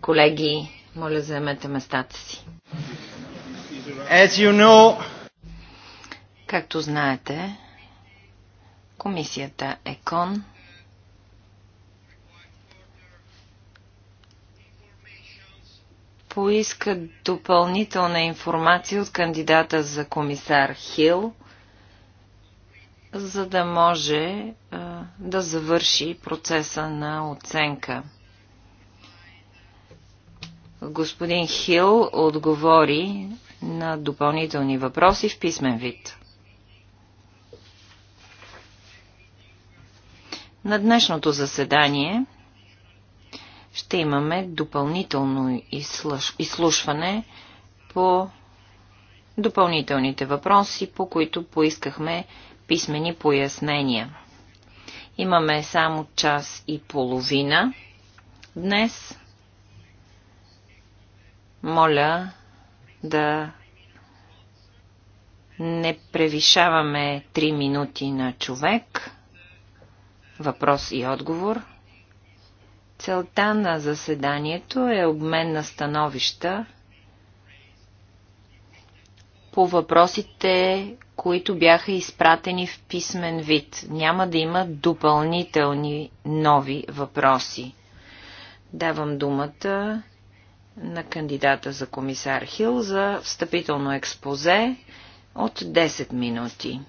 Колеги, моля заемете местата си. Както знаете, комисията ЕКОН поиска допълнителна информация от кандидата за комисар Хил – за да може а, да завърши процеса на оценка. Господин Хил отговори на допълнителни въпроси в писмен вид. На днешното заседание ще имаме допълнително изслушване по допълнителните въпроси, по които поискахме писмени пояснения. Имаме само час и половина днес. Моля да не превишаваме 3 минути на човек. Въпрос и отговор. Целта на заседанието е обмен на становища по въпросите, които бяха изпратени в писмен вид. Няма да има допълнителни нови въпроси. Давам думата на кандидата за комисар Хил за встъпително експозе от 10 минути.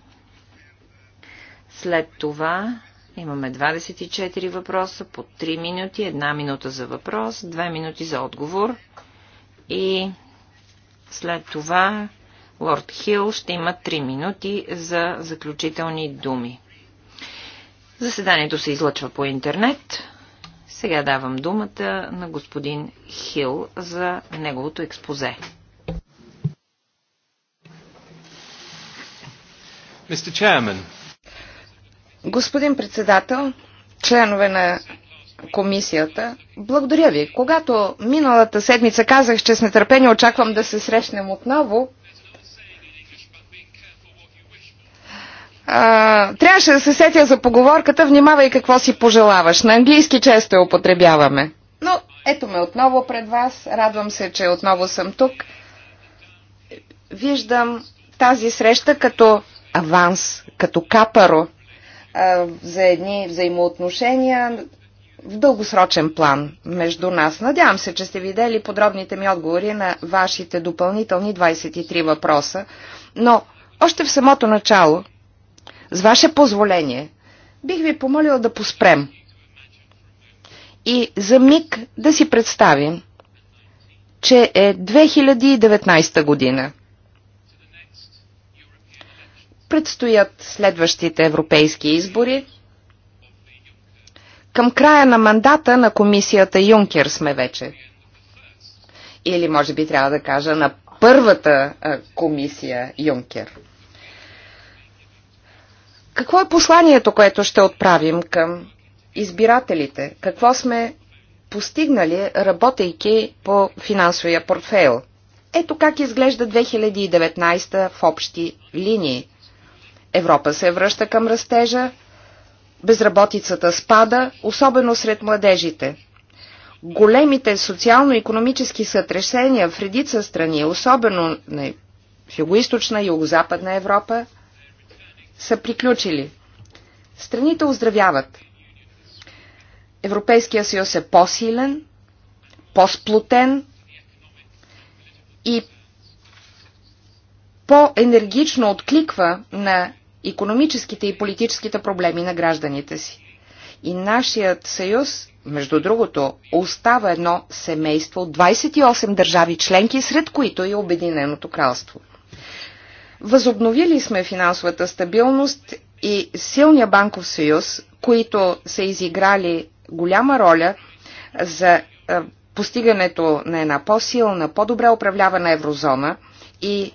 След това имаме 24 въпроса по 3 минути, 1 минута за въпрос, 2 минути за отговор и след това Лорд Хил ще има 3 минути за заключителни думи. Заседанието се излъчва по интернет. Сега давам думата на господин Хил за неговото експозе. Господин председател, членове на комисията, благодаря ви. Когато миналата седмица казах, че с нетърпение очаквам да се срещнем отново, а, трябваше да се сетя за поговорката внимавай какво си пожелаваш. На английски често я употребяваме. Но ето ме отново пред вас. Радвам се, че отново съм тук. Виждам тази среща като аванс, като капаро а, за едни взаимоотношения в дългосрочен план между нас. Надявам се, че сте видели подробните ми отговори на вашите допълнителни 23 въпроса, но още в самото начало с ваше позволение, бих ви помолила да поспрем и за миг да си представим, че е 2019 година. Предстоят следващите европейски избори. Към края на мандата на комисията Юнкер сме вече. Или може би трябва да кажа на първата комисия Юнкер. Какво е посланието, което ще отправим към избирателите? Какво сме постигнали, работейки по финансовия портфейл? Ето как изглежда 2019 в общи линии. Европа се връща към растежа, безработицата спада, особено сред младежите. Големите социално-економически сътресения в редица страни, особено на Юго-Источна и Юго-Западна Европа – са приключили. Страните оздравяват. Европейския съюз е по-силен, по-сплутен и по-енергично откликва на економическите и политическите проблеми на гражданите си. И нашият съюз, между другото, остава едно семейство от 28 държави членки, сред които и Обединеното кралство. Възобновили сме финансовата стабилност и силния банков съюз, които са изиграли голяма роля за е, постигането на една по-силна, по-добре управлявана еврозона и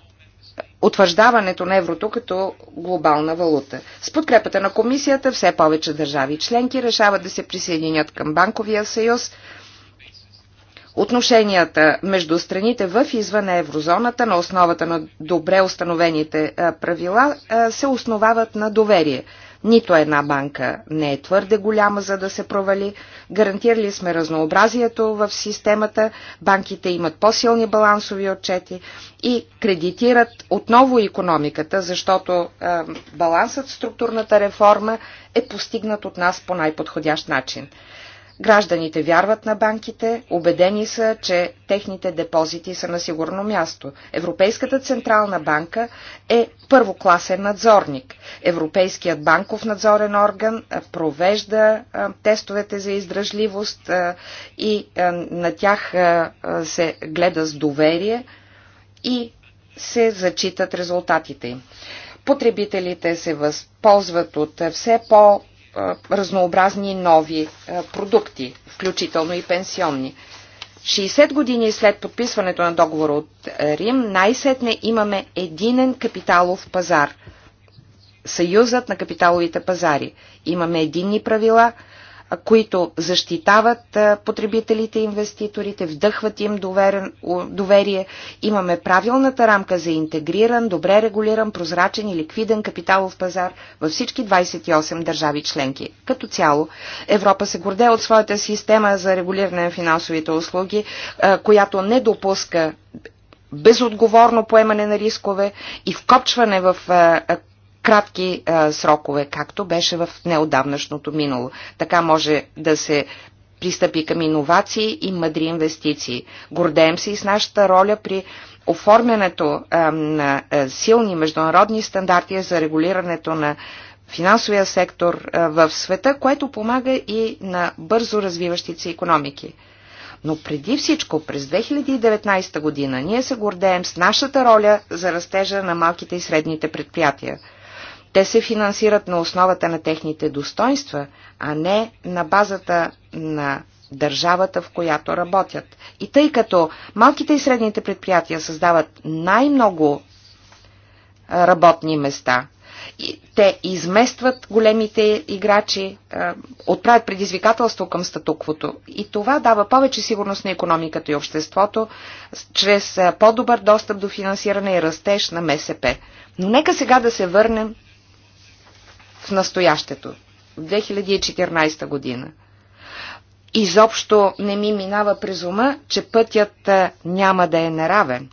утвърждаването на еврото като глобална валута. С подкрепата на комисията все повече държави членки решават да се присъединят към банковия съюз – отношенията между страните в и извън еврозоната на основата на добре установените правила се основават на доверие. Нито една банка не е твърде голяма, за да се провали. Гарантирали сме разнообразието в системата, банките имат по-силни балансови отчети и кредитират отново економиката, защото е, балансът в структурната реформа е постигнат от нас по най-подходящ начин. Гражданите вярват на банките, убедени са, че техните депозити са на сигурно място. Европейската централна банка е първокласен надзорник. Европейският банков надзорен орган провежда тестовете за издръжливост и на тях се гледа с доверие и се зачитат резултатите им. Потребителите се възползват от все по- разнообразни нови продукти, включително и пенсионни. 60 години след подписването на договора от Рим, най-сетне имаме единен капиталов пазар. Съюзът на капиталовите пазари. Имаме единни правила, които защитават потребителите и инвеститорите, вдъхват им доверие. Имаме правилната рамка за интегриран, добре регулиран, прозрачен и ликвиден капиталов пазар във всички 28 държави членки. Като цяло, Европа се горде от своята система за регулиране на финансовите услуги, която не допуска безотговорно поемане на рискове и вкопчване в кратки а, е, срокове, както беше в неодавнашното минало. Така може да се пристъпи към иновации и мъдри инвестиции. Гордеем се и с нашата роля при оформянето а, е, на а, е, силни международни стандарти за регулирането на финансовия сектор а, в света, което помага и на бързо развиващите се економики. Но преди всичко, през 2019 година, ние се гордеем с нашата роля за растежа на малките и средните предприятия – те се финансират на основата на техните достоинства, а не на базата на държавата, в която работят. И тъй като малките и средните предприятия създават най-много работни места, те изместват големите играчи, отправят предизвикателство към статуквото. И това дава повече сигурност на економиката и обществото, чрез по-добър достъп до финансиране и растеж на МСП. Но нека сега да се върнем в настоящето, в 2014 година. Изобщо не ми минава през ума, че пътят няма да е неравен.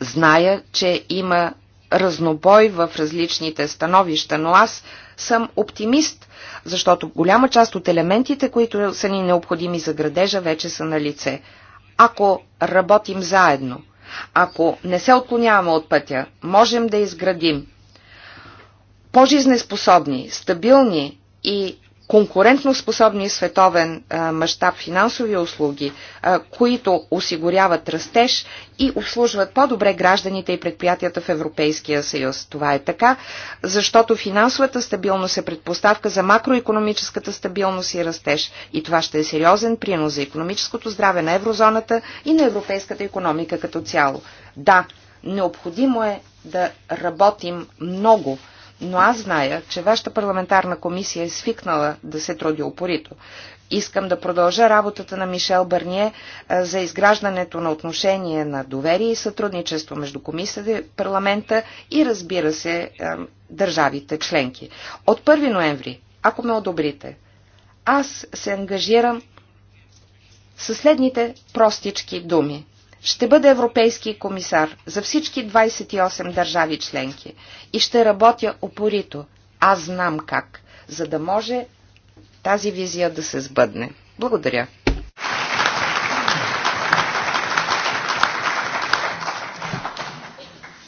Зная, че има разнобой в различните становища, но аз съм оптимист, защото голяма част от елементите, които са ни необходими за градежа, вече са на лице. Ако работим заедно, ако не се отклоняваме от пътя, можем да изградим по-жизнеспособни, стабилни и конкурентно способни световен мащаб финансови услуги, които осигуряват растеж и обслужват по-добре гражданите и предприятията в Европейския съюз. Това е така, защото финансовата стабилност е предпоставка за макроекономическата стабилност и растеж. И това ще е сериозен принос за економическото здраве на еврозоната и на европейската економика като цяло. Да, необходимо е да работим много – но аз зная, че вашата парламентарна комисия е свикнала да се труди упорито. Искам да продължа работата на Мишел Бърние за изграждането на отношение на доверие и сътрудничество между комисията, и парламента и разбира се държавите членки. От 1 ноември, ако ме одобрите, аз се ангажирам със следните простички думи ще бъда европейски комисар за всички 28 държави членки и ще работя опорито. Аз знам как, за да може тази визия да се сбъдне. Благодаря.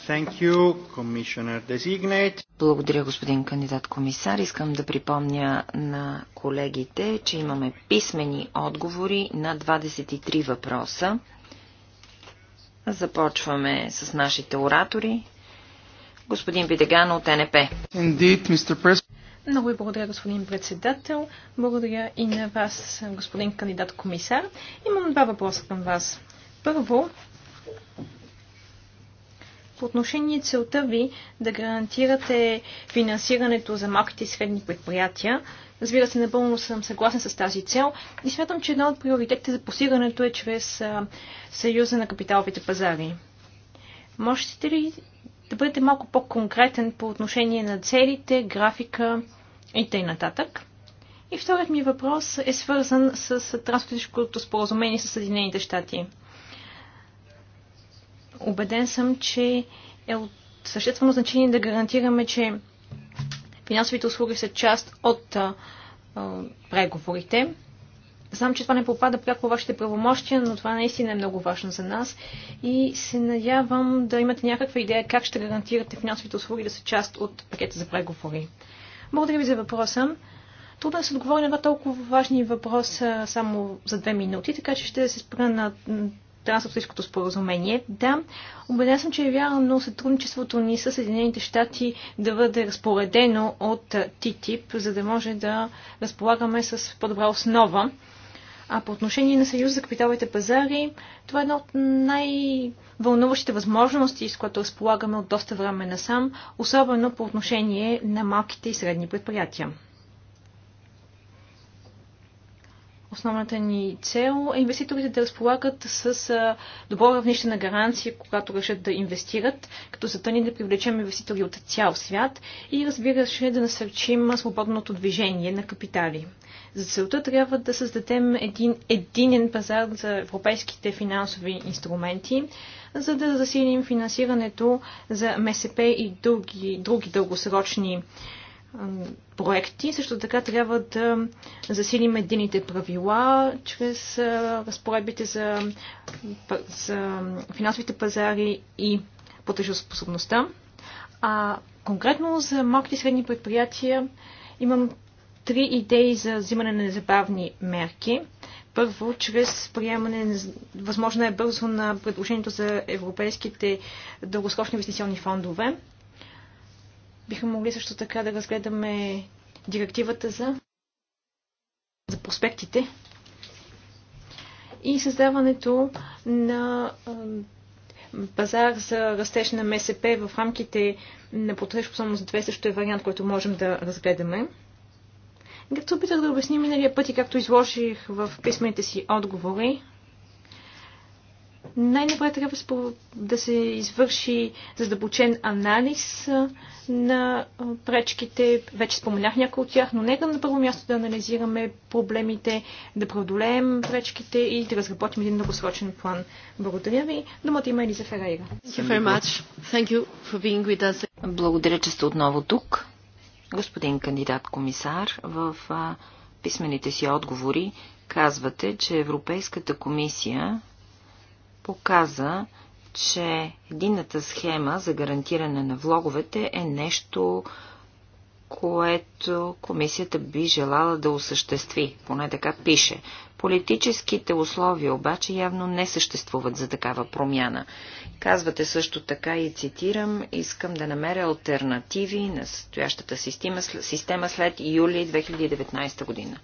Thank you, Commissioner Designate. Благодаря, господин кандидат комисар. Искам да припомня на колегите, че имаме писмени отговори на 23 въпроса. Започваме с нашите оратори. Господин Бидеган от НП. Indeed, Много ви благодаря, господин председател. Благодаря и на вас, господин кандидат комисар. Имам два въпроса към вас. Първо, по отношение целта ви да гарантирате финансирането за малките и средни предприятия, Разбира се, напълно съм съгласен с тази цел и смятам, че една от приоритетите за постигането е чрез Съюза на капиталовите пазари. Можете ли да бъдете малко по-конкретен по отношение на целите, графика и т.н. И вторият ми въпрос е свързан с трансатлантическото споразумение с Съединените щати. Обеден съм, че е от съществено значение да гарантираме, че Финансовите услуги са част от а, а, преговорите. Знам, че това не попада пряко вашите правомощия, но това наистина е много важно за нас и се надявам да имате някаква идея как ще гарантирате финансовите услуги да са част от пакета за преговори. Благодаря ви за въпроса. Трудно е да се отговори на толкова важни въпроса само за две минути, така че ще се спра на трансатлантическото споразумение. Да, убеден съм, че е вярно сътрудничеството ни с Съединените щати да бъде разпоредено от ТИТИП, за да може да разполагаме с по-добра основа. А по отношение на Съюз за капиталовите пазари, това е една от най-вълнуващите възможности, с които разполагаме от доста време насам, особено по отношение на малките и средни предприятия. Основната ни цел е инвеститорите да разполагат с добро равнище на гаранция, когато решат да инвестират, като за ни да привлечем инвеститори от цял свят и разбира се да насърчим свободното движение на капитали. За целта трябва да създадем един единен пазар за европейските финансови инструменти, за да засилим финансирането за МСП и други, други дългосрочни инвестиции проекти. Също така трябва да засилим едините правила чрез разпоредбите за, за финансовите пазари и платежоспособността. А конкретно за малките и средни предприятия имам три идеи за взимане на незабавни мерки. Първо, чрез приемане, възможно е бързо на предложението за европейските дългосрочни инвестиционни фондове. Биха могли също така да разгледаме директивата за, за проспектите и създаването на пазар за растеж на МСП в рамките на за 2 също е вариант, който можем да разгледаме. се опитах да обясня миналия път и както изложих в писмените си отговори, най-напред трябва да се извърши задълбочен анализ на пречките. Вече споменах някои от тях, но нека на първо място да анализираме проблемите, да преодолеем пречките и да разработим един многосрочен план. Благодаря ви. Думата има Елиза Ферейра. Благодаря, че сте отново тук. Господин кандидат комисар, в писмените си отговори казвате, че Европейската комисия показа, че единната схема за гарантиране на влоговете е нещо, което комисията би желала да осъществи. Поне така пише. Политическите условия обаче явно не съществуват за такава промяна. Казвате също така и цитирам, искам да намеря альтернативи на стоящата система, система след юли 2019 година.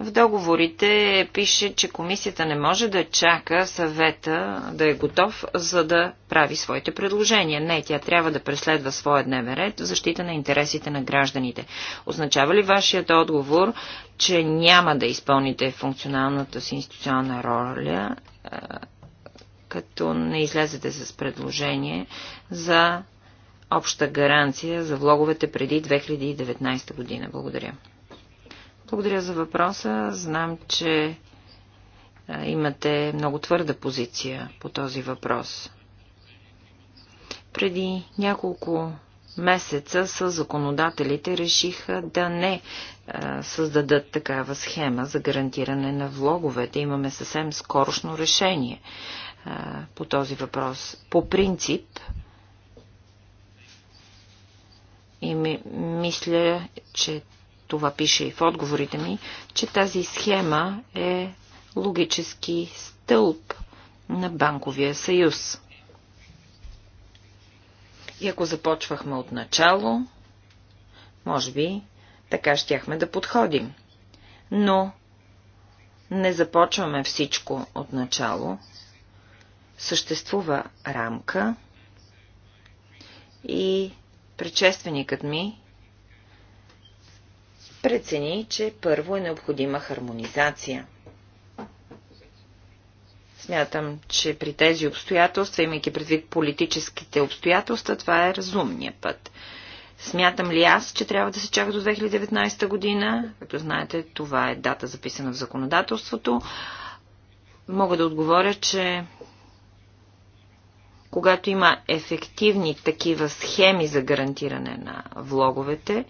В договорите пише, че комисията не може да чака съвета да е готов, за да прави своите предложения. Не, тя трябва да преследва своя дневен ред в защита на интересите на гражданите. Означава ли вашият отговор, че няма да изпълните функционалната си институционална роля, като не излезете с предложение за обща гаранция за влоговете преди 2019 година. Благодаря. Благодаря за въпроса. Знам, че имате много твърда позиция по този въпрос. Преди няколко месеца с законодателите решиха да не създадат такава схема за гарантиране на влоговете. Имаме съвсем скорошно решение по този въпрос. По принцип, и ми, мисля, че това пише и в отговорите ми, че тази схема е логически стълб на банковия съюз. И ако започвахме от начало, може би така щяхме да подходим. Но не започваме всичко от начало. Съществува рамка и предшественикът ми прецени, че първо е необходима хармонизация. Смятам, че при тези обстоятелства, имайки предвид политическите обстоятелства, това е разумния път. Смятам ли аз, че трябва да се чака до 2019 година? Като знаете, това е дата записана в законодателството. Мога да отговоря, че когато има ефективни такива схеми за гарантиране на влоговете,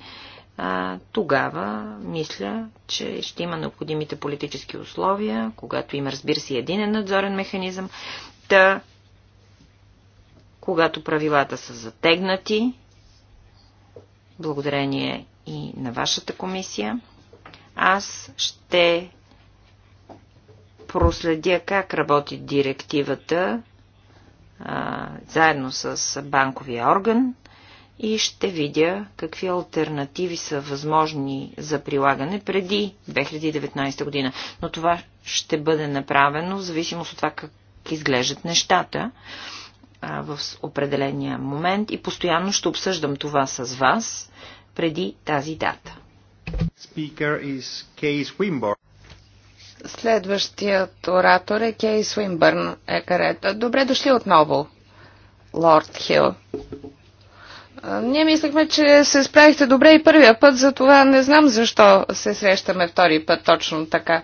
тогава мисля, че ще има необходимите политически условия, когато има, разбира се, един надзорен механизъм, да, когато правилата са затегнати, благодарение и на вашата комисия, аз ще проследя как работи директивата а, заедно с банковия орган и ще видя какви альтернативи са възможни за прилагане преди 2019 година. Но това ще бъде направено в зависимост от това как изглеждат нещата в определения момент и постоянно ще обсъждам това с вас преди тази дата. Следващият оратор е Кей Свинбърн. карета. Добре дошли отново, Лорд Хил. Ние мислехме, че се справихте добре и първия път, затова не знам защо се срещаме втори път точно така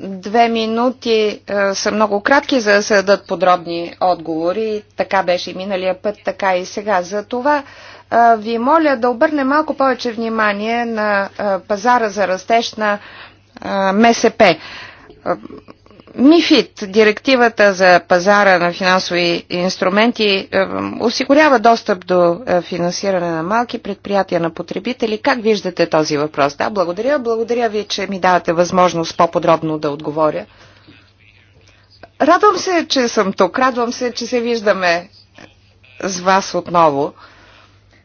две минути а, е, са много кратки, за да се дадат подробни отговори. Така беше и миналия път, така и сега. За това а, е, ви моля да обърне малко повече внимание на а, е, пазара за растеж на а, МСП. МИФИД, директивата за пазара на финансови инструменти, е, осигурява достъп до е, финансиране на малки предприятия на потребители. Как виждате този въпрос? Да, благодаря. Благодаря ви, че ми давате възможност по-подробно да отговоря. Радвам се, че съм тук. Радвам се, че се виждаме с вас отново.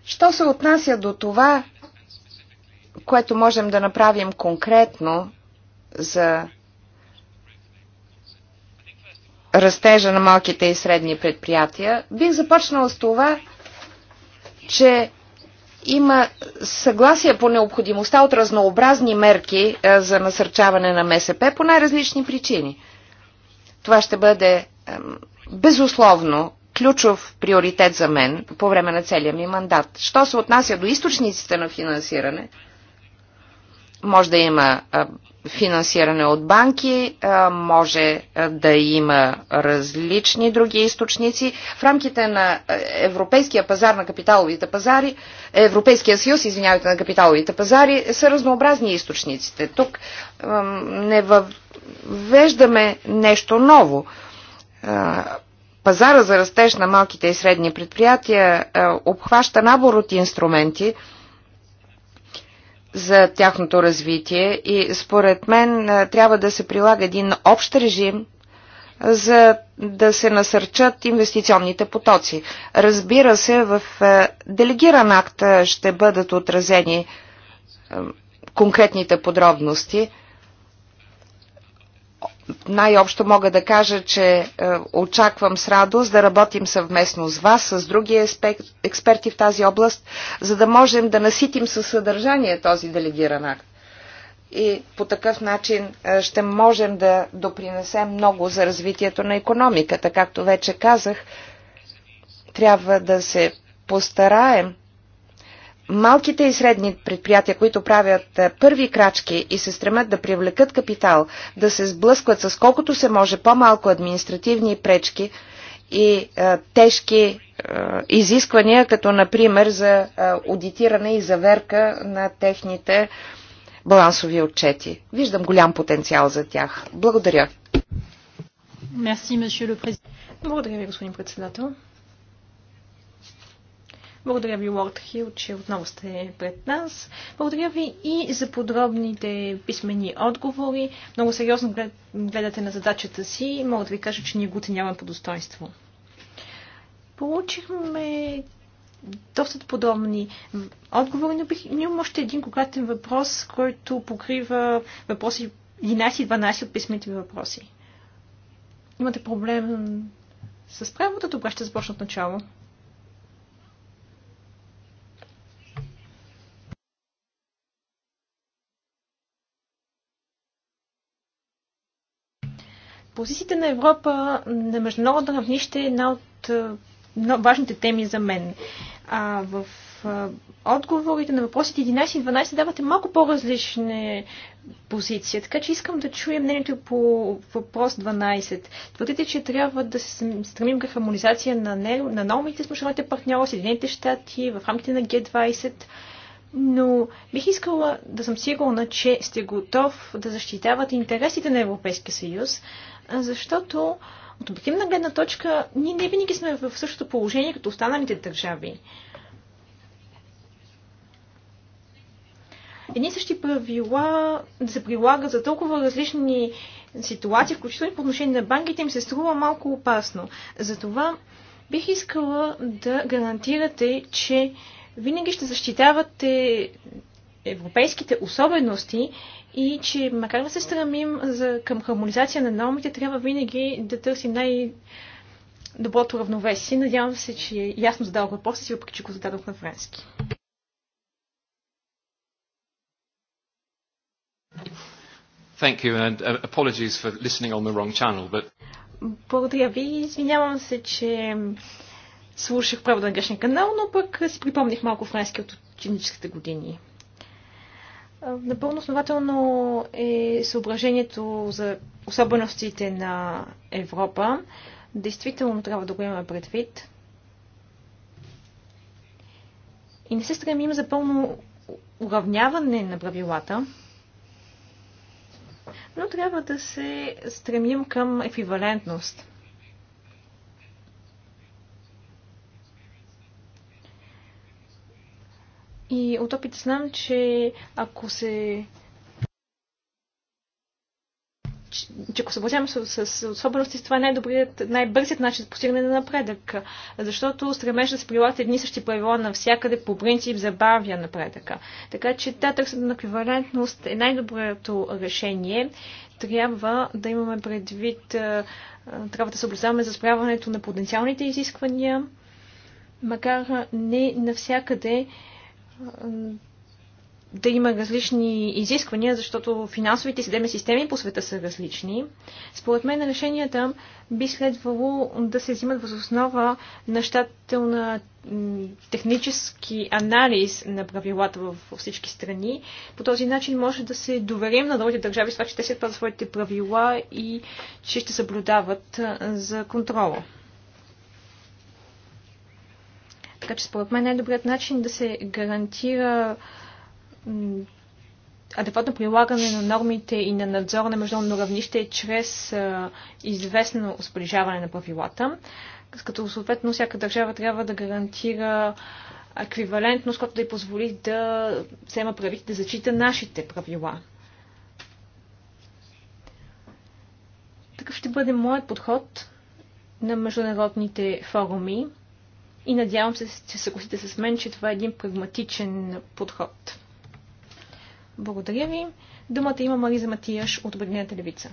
Що се отнася до това, което можем да направим конкретно за растежа на малките и средни предприятия, бих започнала с това, че има съгласие по необходимостта от разнообразни мерки е, за насърчаване на МСП по най-различни причини. Това ще бъде безусловно ключов приоритет за мен по време на целия ми мандат. Що се отнася до източниците на финансиране – може да има финансиране от банки, може да има различни други източници. В рамките на Европейския пазар на капиталовите пазари, Европейския съюз, извинявайте, на капиталовите пазари, са разнообразни източниците. Тук не въвеждаме нещо ново. Пазара за растеж на малките и средни предприятия обхваща набор от инструменти – за тяхното развитие и според мен трябва да се прилага един общ режим, за да се насърчат инвестиционните потоци. Разбира се, в делегиран акт ще бъдат отразени конкретните подробности – най-общо мога да кажа, че е, очаквам с радост да работим съвместно с вас, с други експерти в тази област, за да можем да наситим със съдържание този делегиран акт. И по такъв начин е, ще можем да допринесем много за развитието на економиката. Както вече казах, трябва да се постараем малките и средни предприятия, които правят е, първи крачки и се стремят да привлекат капитал, да се сблъскват с колкото се може по-малко административни пречки и а, е, тежки а, е, изисквания, като например за а, аудитиране и заверка на техните балансови отчети. Виждам голям потенциал за тях. Благодаря. Благодаря ви, господин председател. Благодаря ви, Лорд Хил, че отново сте пред нас. Благодаря ви и за подробните писмени отговори. Много сериозно гледате на задачата си. Мога да ви кажа, че ние го оценяваме по достоинство. Получихме доста подробни отговори, но бих имам още един конкретен въпрос, който покрива въпроси 11-12 от писмените въпроси. Имате проблем с превода, добре ще започна от начало. Позициите на Европа на международно равнище е една от е, важните теми за мен. А в е, отговорите на въпросите 11 и 12 давате малко по-различни позиции. Така че искам да чуя мнението по въпрос 12. Твърдите, че трябва да се стремим към хармонизация на, на новите с партньори, Съединените щати, в рамките на Г20 но бих искала да съм сигурна, че сте готов да защитавате интересите на Европейския съюз, защото от обективна гледна точка ние не винаги сме в същото положение като останалите държави. едни същи правила да се прилагат за толкова различни ситуации, включително и по отношение на банките, им се струва малко опасно. Затова бих искала да гарантирате, че винаги ще защитавате европейските особености и че макар да се стремим за, към хармонизация на нормите, трябва винаги да търсим най- доброто равновесие. Надявам се, че е ясно задал въпроса си, въпреки че го зададох на френски. Thank you and uh, apologies for listening on the wrong channel, but... Благодаря ви. Извинявам се, че слушах правда на грешния канал, но пък си припомних малко френски от ученическите години. Напълно основателно е съображението за особеностите на Европа. Действително трябва да го имаме предвид. И не се стремим за пълно уравняване на правилата, но трябва да се стремим към еквивалентност. И от опит знам, че ако се че ако съобразявам с, с, с особености, това е най-добрият, най-бързият начин за постигане на напредък. Защото стремеж да се прилагат едни същи правила навсякъде по принцип забавя напредъка. Така че да, търсенето на еквивалентност е най-доброто решение. Трябва да имаме предвид, трябва да съобразяваме за справянето на потенциалните изисквания, макар не навсякъде да има различни изисквания, защото финансовите съдебни системи по света са различни. Според мен решенията би следвало да се взимат въз основа на щателна технически анализ на правилата във всички страни. По този начин може да се доверим на другите държави с това, че те се спазват своите правила и че ще съблюдават за контрола. Така че според мен най-добрият начин да се гарантира адекватно прилагане на нормите и на надзора на международно равнище е чрез известно сближаване на правилата, като съответно всяка държава трябва да гарантира еквивалентност, която да й позволи да взема правите, да зачита нашите правила. Такъв ще бъде моят подход на международните форуми и надявам се, че съгласите с мен, че това е един прагматичен подход. Благодаря ви. Думата има Мариза Матияш от Обединената левица.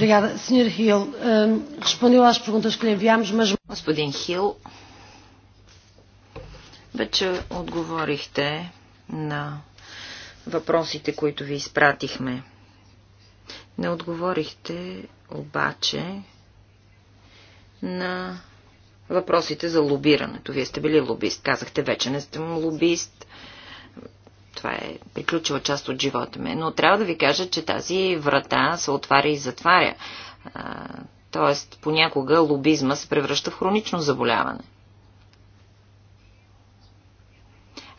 Obrigada, Sr. Hill. Uh, respondeu às perguntas que lhe enviámos, mas... Господин Хил, вече отговорихте на въпросите, които ви изпратихме. Не отговорихте обаче на въпросите за лобирането. Вие сте били лобист. Казахте, вече не сте лобист. Това е приключила част от живота ми. Но трябва да ви кажа, че тази врата се отваря и затваря. А, тоест, понякога лобизма се превръща в хронично заболяване.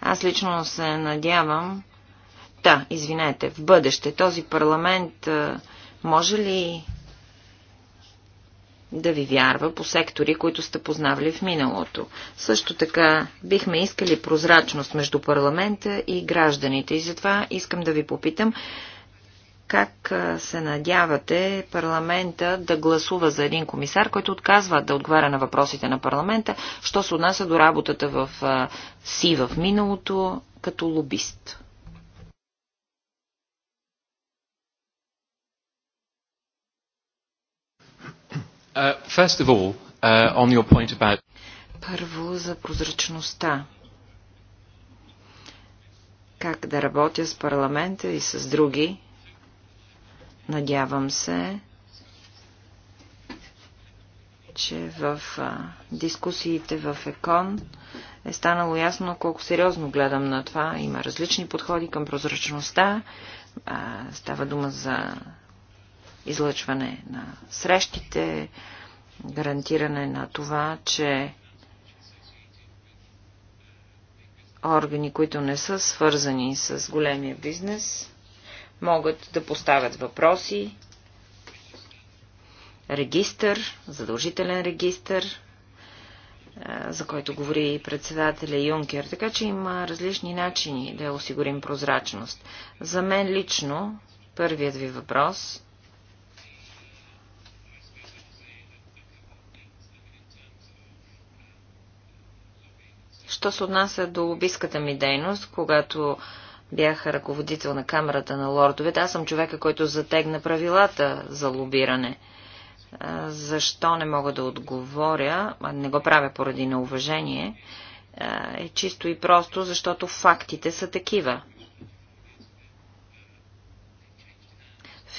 Аз лично се надявам... Да, извинете, в бъдеще този парламент може ли да ви вярва по сектори, които сте познавали в миналото. Също така бихме искали прозрачност между парламента и гражданите и затова искам да ви попитам как се надявате парламента да гласува за един комисар, който отказва да отговаря на въпросите на парламента, що се отнася до работата в СИ в миналото като лобист. Uh, first of all, uh, on your point about... Първо за прозрачността. Как да работя с парламента и с други. Надявам се, че в а, дискусиите в ЕКОН е станало ясно колко сериозно гледам на това. Има различни подходи към прозрачността. А, става дума за излъчване на срещите, гарантиране на това, че органи, които не са свързани с големия бизнес, могат да поставят въпроси, регистър, задължителен регистър, за който говори и председателя Юнкер. Така че има различни начини да осигурим прозрачност. За мен лично първият ви въпрос Що се отнася до лобистката ми дейност, когато бях ръководител на Камерата на лордовете, аз съм човека, който затегна правилата за лобиране. Защо не мога да отговоря, не го правя поради неуважение, е чисто и просто, защото фактите са такива.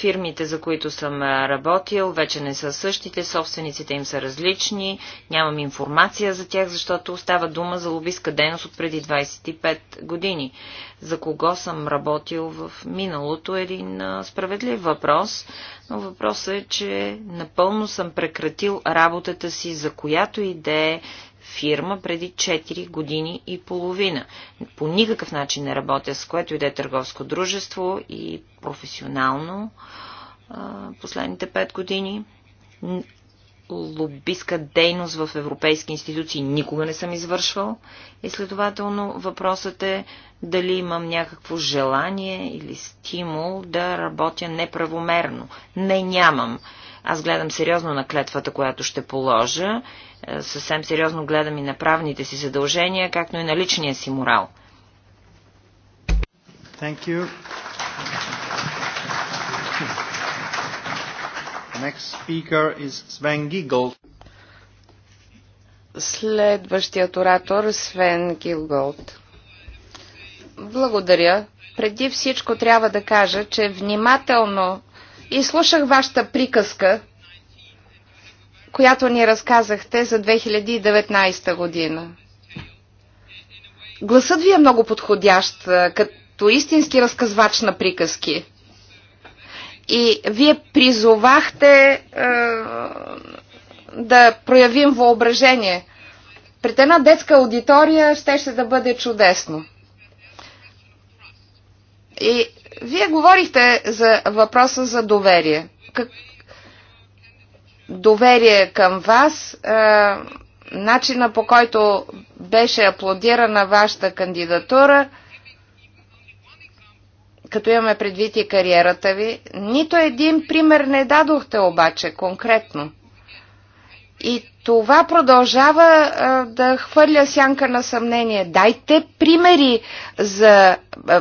Фирмите, за които съм работил, вече не са същите, собствениците им са различни, нямам информация за тях, защото остава дума за лобистка дейност от преди 25 години. За кого съм работил в миналото е един справедлив въпрос, но въпросът е, че напълно съм прекратил работата си, за която идея фирма преди 4 години и половина. По никакъв начин не работя с което и да е търговско дружество и професионално последните 5 години. Лобистка дейност в европейски институции никога не съм извършвал и следователно въпросът е дали имам някакво желание или стимул да работя неправомерно. Не нямам. Аз гледам сериозно на клетвата, която ще положа е, съвсем сериозно гледам и на правните си задължения, както и на личния си морал. Thank you. Next speaker is Sven Giegold. Следващият оратор Свен Гилголд. Благодаря. Преди всичко трябва да кажа, че внимателно изслушах вашата приказка която ни разказахте за 2019 година. Гласът ви е много подходящ, като истински разказвач на приказки. И вие призовахте е, да проявим въображение. Пред една детска аудитория ще ще да бъде чудесно. И вие говорихте за въпроса за доверие. Как, доверие към вас, е, начина по който беше аплодирана вашата кандидатура, като имаме предвид и кариерата ви, нито един пример не дадохте обаче конкретно. И това продължава а, е, да хвърля сянка на съмнение. Дайте примери за а, е,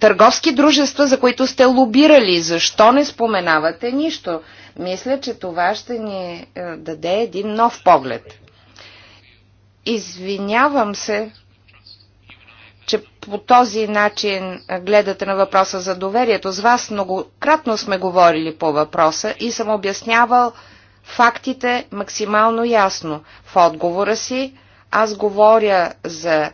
търговски дружества, за които сте лобирали. Защо не споменавате нищо? Мисля, че това ще ни е, даде един нов поглед. Извинявам се, че по този начин гледате на въпроса за доверието. С вас многократно сме говорили по въпроса и съм обяснявал фактите максимално ясно. В отговора си аз говоря за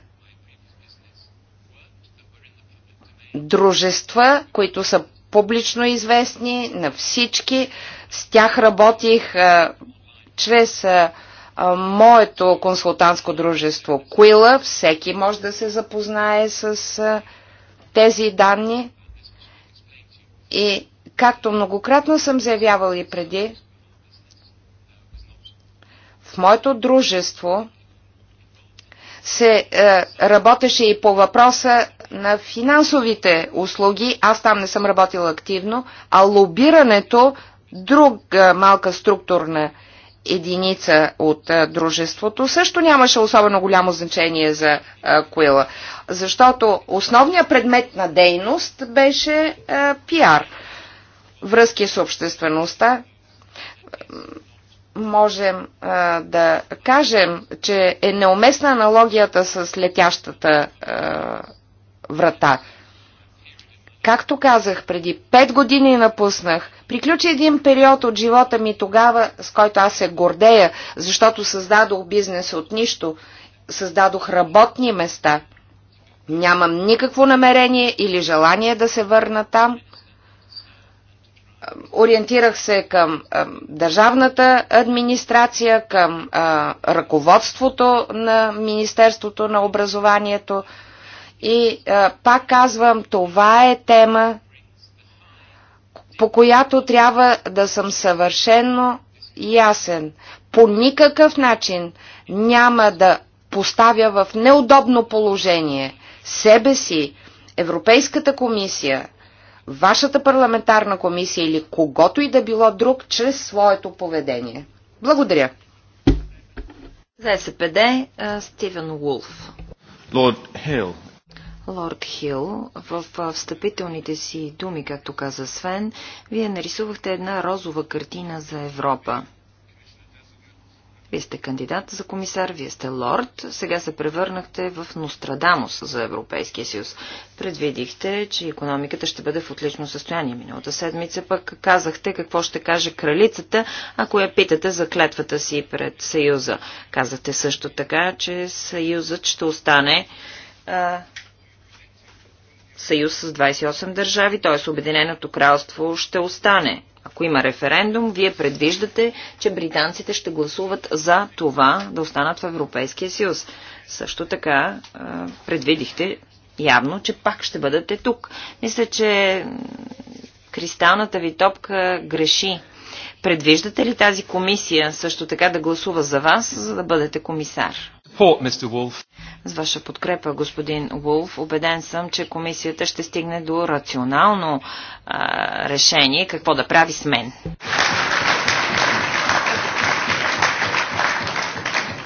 дружества, които са публично известни на всички, с тях работих а, чрез а, а, моето консултантско дружество Куила. Всеки може да се запознае с а, тези данни. И както многократно съм заявявал и преди, в моето дружество се е, работеше и по въпроса на финансовите услуги. Аз там не съм работила активно, а лобирането друга малка структурна единица от дружеството също нямаше особено голямо значение за Куила, защото основният предмет на дейност беше пиар. Връзки с обществеността. Можем да кажем, че е неуместна аналогията с летящата врата. Както казах, преди пет години напуснах. Приключи един период от живота ми тогава, с който аз се гордея, защото създадох бизнес от нищо. Създадох работни места. Нямам никакво намерение или желание да се върна там. Ориентирах се към а, държавната администрация, към а, ръководството на Министерството на образованието. И а, пак казвам, това е тема, по която трябва да съм съвършенно ясен. По никакъв начин няма да поставя в неудобно положение себе си, Европейската комисия, вашата парламентарна комисия или когото и да било друг, чрез своето поведение. Благодаря. За СПД Стивен Уолф. Лорд Хейл, Лорд Хил, в встъпителните си думи, както каза Свен, вие нарисувахте една розова картина за Европа. Вие сте кандидат за комисар, вие сте лорд, сега се превърнахте в Нострадамус за Европейския съюз. Предвидихте, че економиката ще бъде в отлично състояние. Миналата седмица пък казахте какво ще каже кралицата, ако я питате за клетвата си пред съюза. Казахте също така, че съюзът ще остане съюз с 28 държави, т.е. Обединеното кралство ще остане. Ако има референдум, вие предвиждате, че британците ще гласуват за това да останат в Европейския съюз. Също така предвидихте явно, че пак ще бъдете тук. Мисля, че кристалната ви топка греши. Предвиждате ли тази комисия също така да гласува за вас, за да бъдете комисар? support, С ваша подкрепа, господин Уолф, убеден съм, че комисията ще стигне до рационално а, решение какво да прави с мен.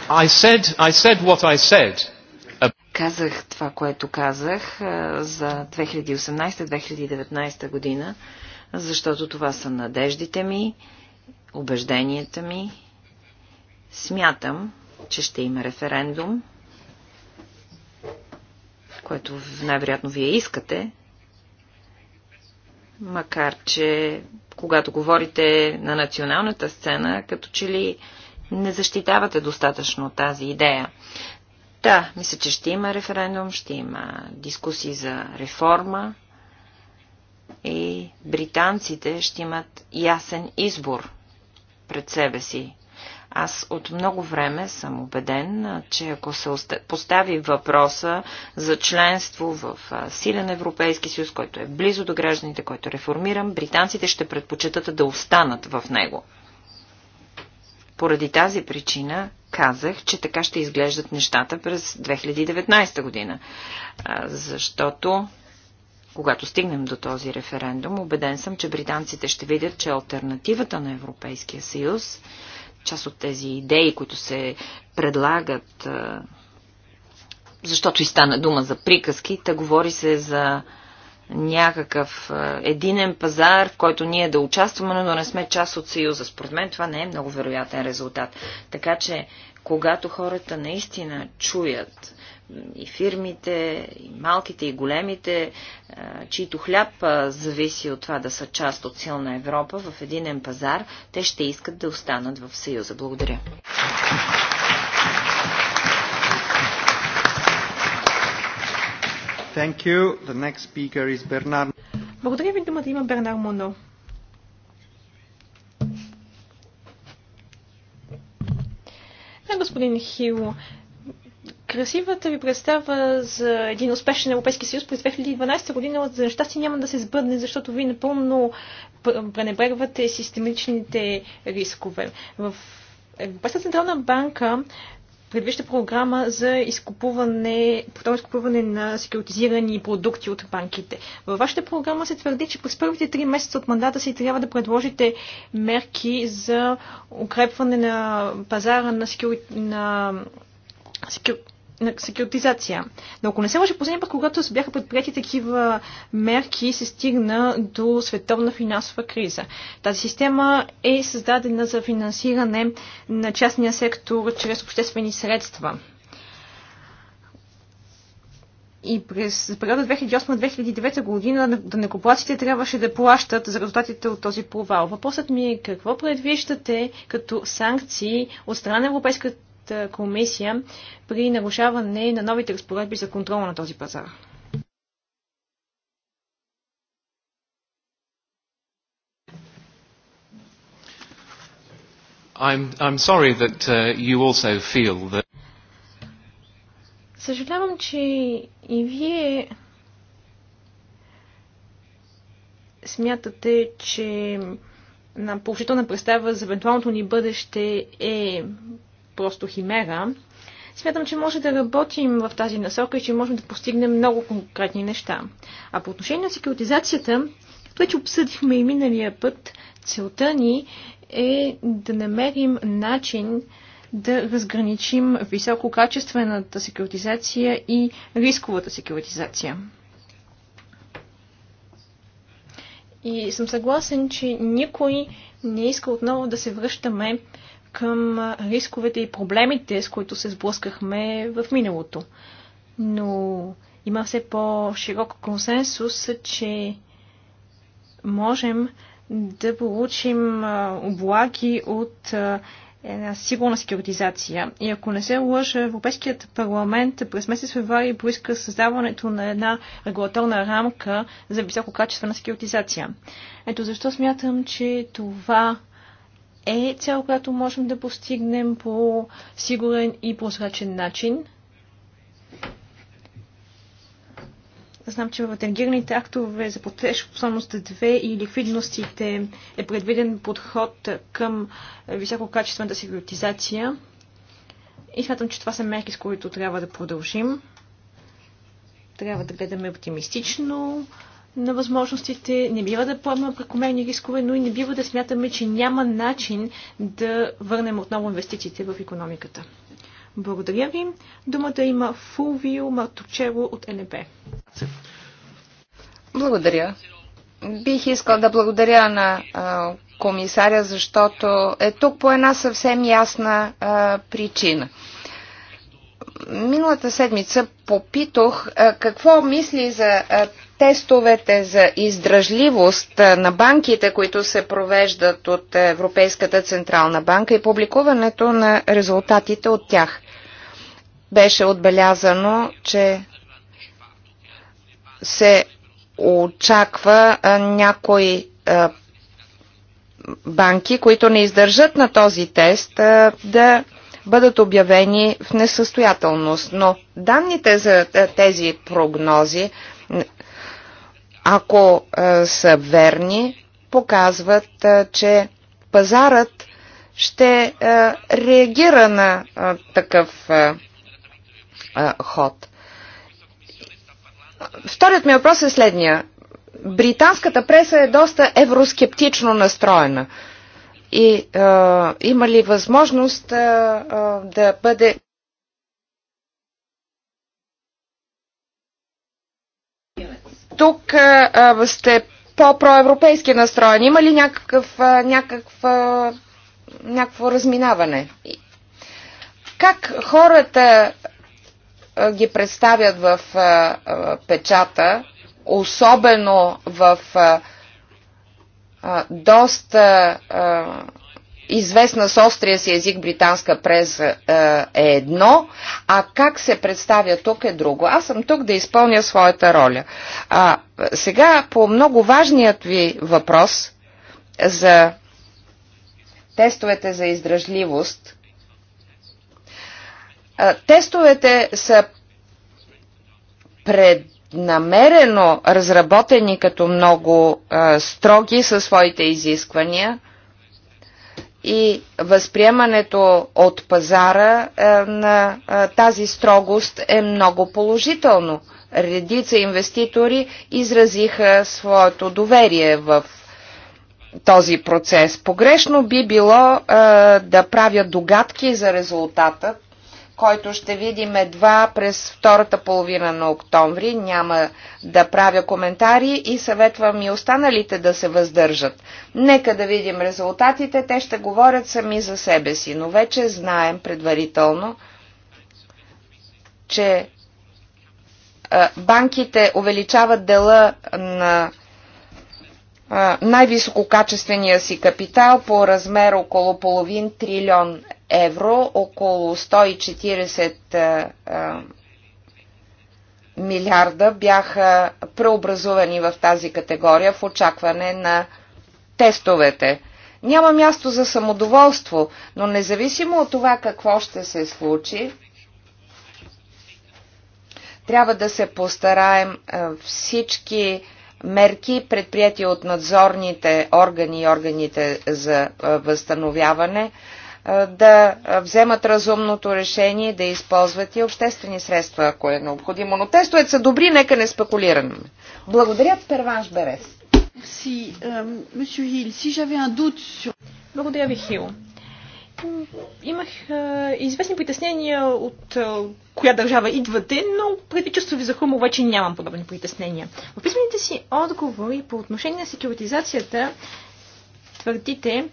I said, I said what I said. Казах това, което казах за 2018-2019 година, защото това са надеждите ми, убежденията ми. Смятам, че ще има референдум, което най-вероятно вие искате, макар че когато говорите на националната сцена, като че ли не защитавате достатъчно тази идея. Да, мисля, че ще има референдум, ще има дискусии за реформа и британците ще имат ясен избор пред себе си. Аз от много време съм убеден, че ако се постави въпроса за членство в силен Европейски съюз, който е близо до гражданите, който е реформирам, британците ще предпочитат да останат в него. Поради тази причина казах, че така ще изглеждат нещата през 2019 година. Защото когато стигнем до този референдум, убеден съм, че британците ще видят, че альтернативата на Европейския съюз част от тези идеи, които се предлагат, защото и стана дума за приказки, та говори се за някакъв единен пазар, в който ние да участваме, но не сме част от Съюза. Според мен това не е много вероятен резултат. Така че, когато хората наистина чуят и фирмите, и малките, и големите, чието хляб зависи от това да са част от силна Европа в единен пазар, те ще искат да останат в Съюза. Благодаря. Thank you. The next speaker is Bernard. Благодаря ви, думата има Бернар Моно. господин Хил, красивата ви представа за един успешен Европейски съюз през 2012 година за нещастие няма да се сбъдне, защото вие напълно пренебрегвате систематичните рискове. В Европейска Централна банка предвижда програма за изкупуване, потом изкупуване на секюритизирани продукти от банките. Във вашата програма се твърди, че през първите три месеца от мандата си трябва да предложите мерки за укрепване на пазара на, секюри... на секю секюритизация. Но ако не се може последния път, когато се бяха предприяти такива мерки, се стигна до световна финансова криза. Тази система е създадена за финансиране на частния сектор чрез обществени средства. И през периода 2008-2009 година данекоплаците трябваше да плащат за резултатите от този провал. Въпросът ми е какво предвиждате като санкции от страна на Европейската комисия при нарушаване на новите разпоредби за контрола на този пазар? I'm, I'm sorry that uh, you also feel that. Съжалявам, че и вие смятате, че на положителна представа за евентуалното ни бъдеще е просто химера. Смятам, че може да работим в тази насока и че можем да постигнем много конкретни неща. А по отношение на секюритизацията, както вече обсъдихме и миналия път, целта ни е да намерим начин да разграничим висококачествената секюритизация и рисковата секюритизация. И съм съгласен, че никой не иска отново да се връщаме към рисковете и проблемите, с които се сблъскахме в миналото. Но има все по-широк консенсус, че можем да получим облаги от една сигурна секюритизация. И ако не се лъжа, Европейският парламент през месец февруари поиска създаването на една регулаторна рамка за висококачествена секюритизация. Ето защо смятам, че това е цел, която можем да постигнем по сигурен и прозрачен начин. Знам, че в делегираните актове за платежоспособност 2 и ликвидностите е предвиден подход към висококачествената секюритизация. И смятам, че това са мерки, с които трябва да продължим. Трябва да гледаме оптимистично, на възможностите, не бива да поемаме прекомерни рискове, но и не бива да смятаме, че няма начин да върнем отново инвестициите в економиката. Благодаря ви. Думата има Фулвио Мартучево от НБ. Благодаря. Бих искал да благодаря на комисаря, защото е тук по една съвсем ясна причина. Миналата седмица попитох какво мисли за тестовете за издръжливост на банките, които се провеждат от Европейската Централна банка и публикуването на резултатите от тях. Беше отбелязано, че се очаква някои банки, които не издържат на този тест, да бъдат обявени в несъстоятелност. Но данните за тези прогнози ако е, са верни, показват, е, че пазарът ще е, реагира на такъв ход. Вторият ми въпрос е следния. Британската преса е доста евроскептично настроена. И а, има ли възможност а, а, да бъде тук а, сте по-проевропейски настроени. Има ли някакъв, някаква, някакво разминаване? Как хората а, ги представят в а, а, печата, особено в а, а, доста а, известна с острия си език британска преса е, е едно, а как се представя тук е друго. Аз съм тук да изпълня своята роля. А сега по много важният ви въпрос за тестовете за издръжливост. Тестовете са преднамерено разработени като много а, строги със своите изисквания – и възприемането от пазара е, на е, тази строгост е много положително. Редица инвеститори изразиха своето доверие в този процес. Погрешно би било е, да правя догадки за резултатът който ще видим едва през втората половина на октомври. Няма да правя коментари и съветвам и останалите да се въздържат. Нека да видим резултатите, те ще говорят сами за себе си, но вече знаем предварително, че банките увеличават дела на най-висококачествения си капитал по размер около половин трилион евро, около 140 милиарда бяха преобразувани в тази категория в очакване на тестовете. Няма място за самодоволство, но независимо от това какво ще се случи, трябва да се постараем всички мерки, предприяти от надзорните органи и органите за възстановяване, да вземат разумното решение да използват и обществени средства, ако е необходимо. Но тестовете са добри, нека не спекулираме. Благодаря, Перванш Берес. Euh, Благодаря ви, Хил. Имах известни притеснения от коя държава идвате, но преди чувство ви за хума вече нямам подобни притеснения. В писмените си отговори по отношение на секюритизацията твърдите,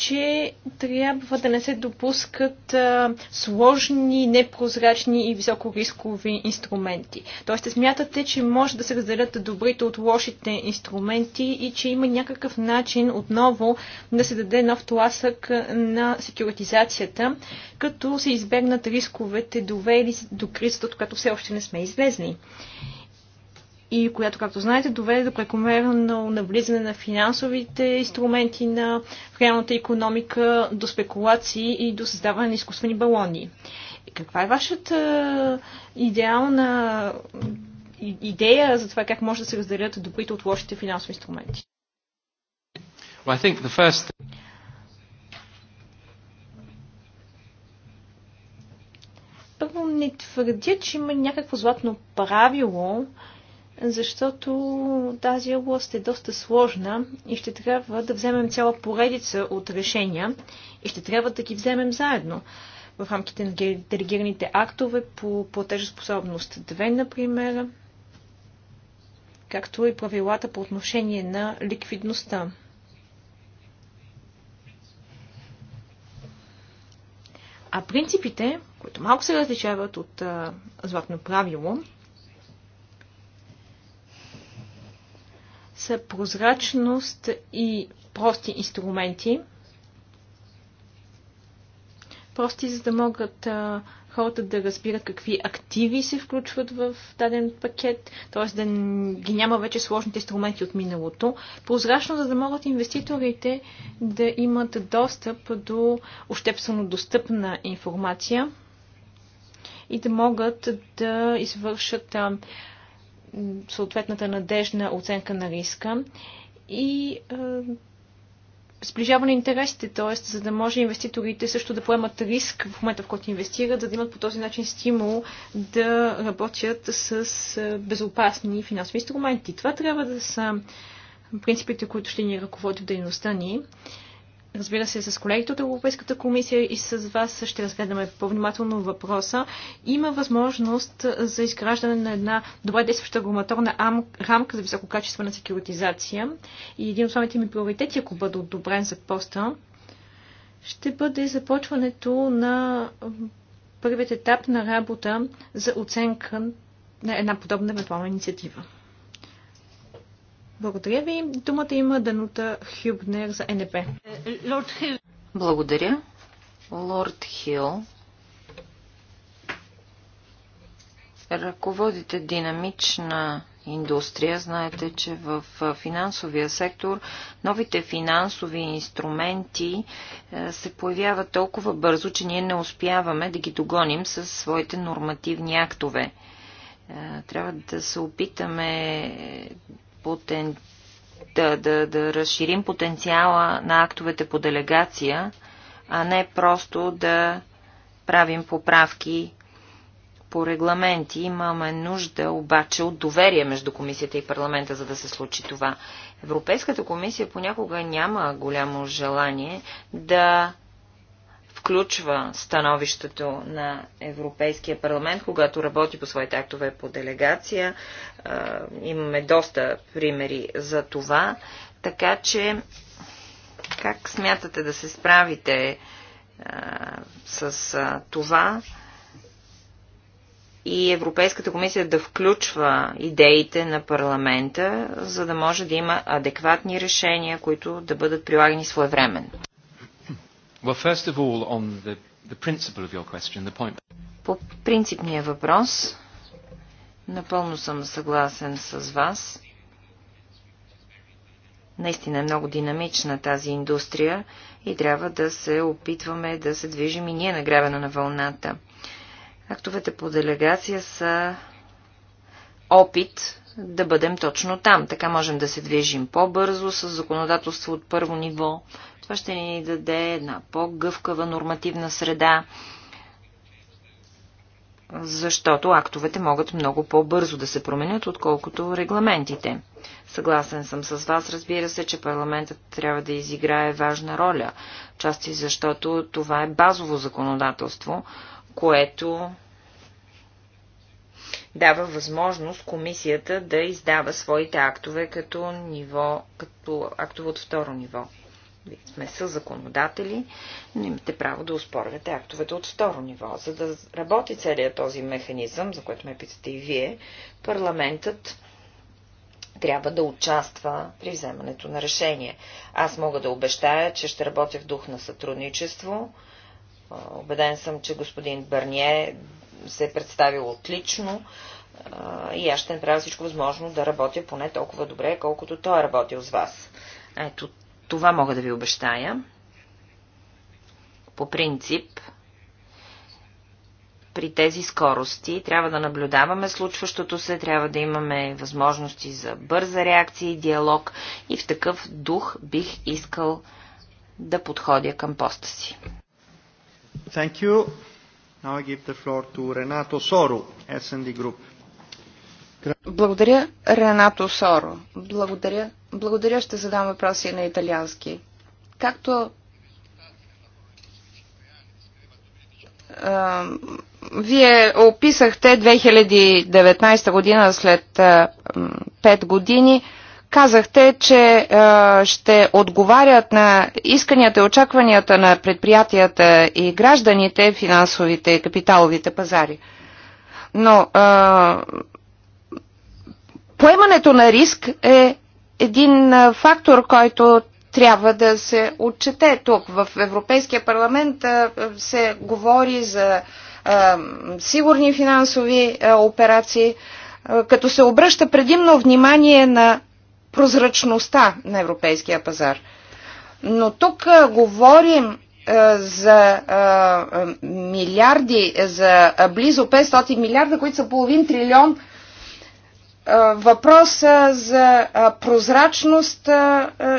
че трябва да не се допускат а, сложни, непрозрачни и високорискови инструменти. Тоест, смятате, че може да се разделят добрите от лошите инструменти и че има някакъв начин отново да се даде нов тласък на секюритизацията, като се избегнат рисковете, довели до кризата, от която все още не сме излезли и която, както знаете, доведе до прекомерно навлизане на финансовите инструменти на реалната економика, до спекулации и до създаване на изкуствени балони. Каква е вашата е, идеална идея за това как може да се разделят добрите от лошите финансови инструменти? Well, I think the first... Първо, не твърдя, че има някакво златно правило, защото тази област е доста сложна и ще трябва да вземем цяла поредица от решения и ще трябва да ги вземем заедно в рамките на делегираните актове по платежеспособност 2, например, както и правилата по отношение на ликвидността. А принципите, които малко се различават от а, златно правило, са прозрачност и прости инструменти. Прости, за да могат а, хората да разбират какви активи се включват в даден пакет, т.е. да ги няма вече сложните инструменти от миналото. Прозрачно, за да могат инвеститорите да имат достъп до обществено достъпна информация и да могат да извършат а, съответната надежна оценка на риска и е, сближаване на интересите, т.е. за да може инвеститорите също да поемат риск в момента, в който инвестират, за да имат по този начин стимул да работят с е, безопасни финансови инструменти. Това трябва да са принципите, които ще ни ръководят в дейността ни. Разбира се, с колегите от Европейската комисия и с вас ще разгледаме по-внимателно въпроса. Има възможност за изграждане на една добре действаща регулаторна рамка за висококачествена секюритизация. И един от самите ми приоритети, ако бъде одобрен за поста, ще бъде започването на първият етап на работа за оценка на една подобна евентуална инициатива. Благодаря ви. Думата има Данута Хюбнер за НП. Лорд Хил. Благодаря. Лорд Хил. Ръководите динамична индустрия. Знаете, че в финансовия сектор новите финансови инструменти е, се появяват толкова бързо, че ние не успяваме да ги догоним с своите нормативни актове. Е, трябва да се опитаме потен... да, да, да разширим потенциала на актовете по делегация, а не просто да правим поправки по регламенти. Имаме нужда обаче от доверие между комисията и парламента, за да се случи това. Европейската комисия понякога няма голямо желание да включва становището на Европейския парламент, когато работи по своите актове по делегация. Имаме доста примери за това. Така че, как смятате да се справите с това? и Европейската комисия да включва идеите на парламента, за да може да има адекватни решения, които да бъдат прилагани своевременно. Well, first of all, on the, the principle of your question, the point... По принципния въпрос, напълно съм съгласен с вас. Наистина е много динамична тази индустрия и трябва да се опитваме да се движим и ние награбено на вълната. Актовете по делегация са опит да бъдем точно там. Така можем да се движим по-бързо с законодателство от първо ниво, това ще ни даде една по-гъвкава нормативна среда, защото актовете могат много по-бързо да се променят, отколкото регламентите. Съгласен съм с вас, разбира се, че парламентът трябва да изиграе важна роля, части защото това е базово законодателство, което дава възможност комисията да издава своите актове като, ниво, като актове от второ ниво. Вие сме са законодатели, но имате право да успорвате актовете от второ ниво. За да работи целият този механизъм, за който ме питате и вие, парламентът трябва да участва при вземането на решение. Аз мога да обещая, че ще работя в дух на сътрудничество. Обеден съм, че господин Бърние се е представил отлично и аз ще направя всичко възможно да работя поне толкова добре, колкото той е работил с вас. Ето това мога да ви обещая. По принцип, при тези скорости трябва да наблюдаваме случващото се, трябва да имаме възможности за бърза реакция и диалог и в такъв дух бих искал да подходя към поста си. Thank you. Now I give the floor to Renato Soru, SND Group. Благодаря, Ренато Соро. Благодаря. Благодаря, ще задам въпроси на италиански. Както а, вие описахте 2019 година след а, 5 години, казахте, че а, ще отговарят на исканията и очакванията на предприятията и гражданите, финансовите и капиталовите пазари. Но а, Поемането на риск е един фактор, който трябва да се отчете тук. В Европейския парламент се говори за сигурни финансови операции, като се обръща предимно внимание на прозрачността на европейския пазар. Но тук говорим за милиарди, за близо 500 милиарда, които са половин трилион въпроса за прозрачност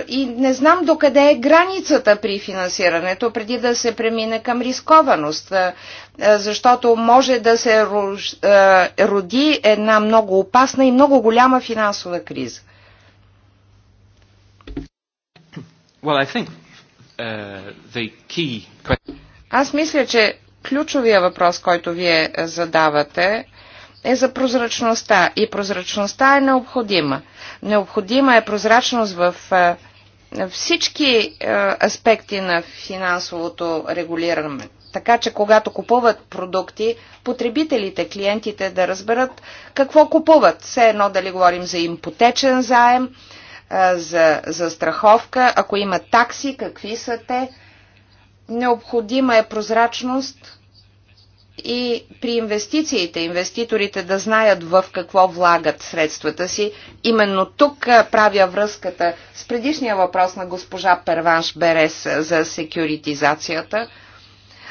и не знам докъде е границата при финансирането, преди да се премине към рискованост, защото може да се роди една много опасна и много голяма финансова криза. Well, I think, uh, the key... Аз мисля, че ключовия въпрос, който вие задавате, е за прозрачността. И прозрачността е необходима. Необходима е прозрачност в всички аспекти на финансовото регулиране. Така че когато купуват продукти, потребителите, клиентите да разберат какво купуват. Все едно дали говорим за импотечен заем, за, за страховка, ако има такси, какви са те. Необходима е прозрачност и при инвестициите, инвеститорите да знаят в какво влагат средствата си. Именно тук правя връзката с предишния въпрос на госпожа Перванш Берес за секюритизацията.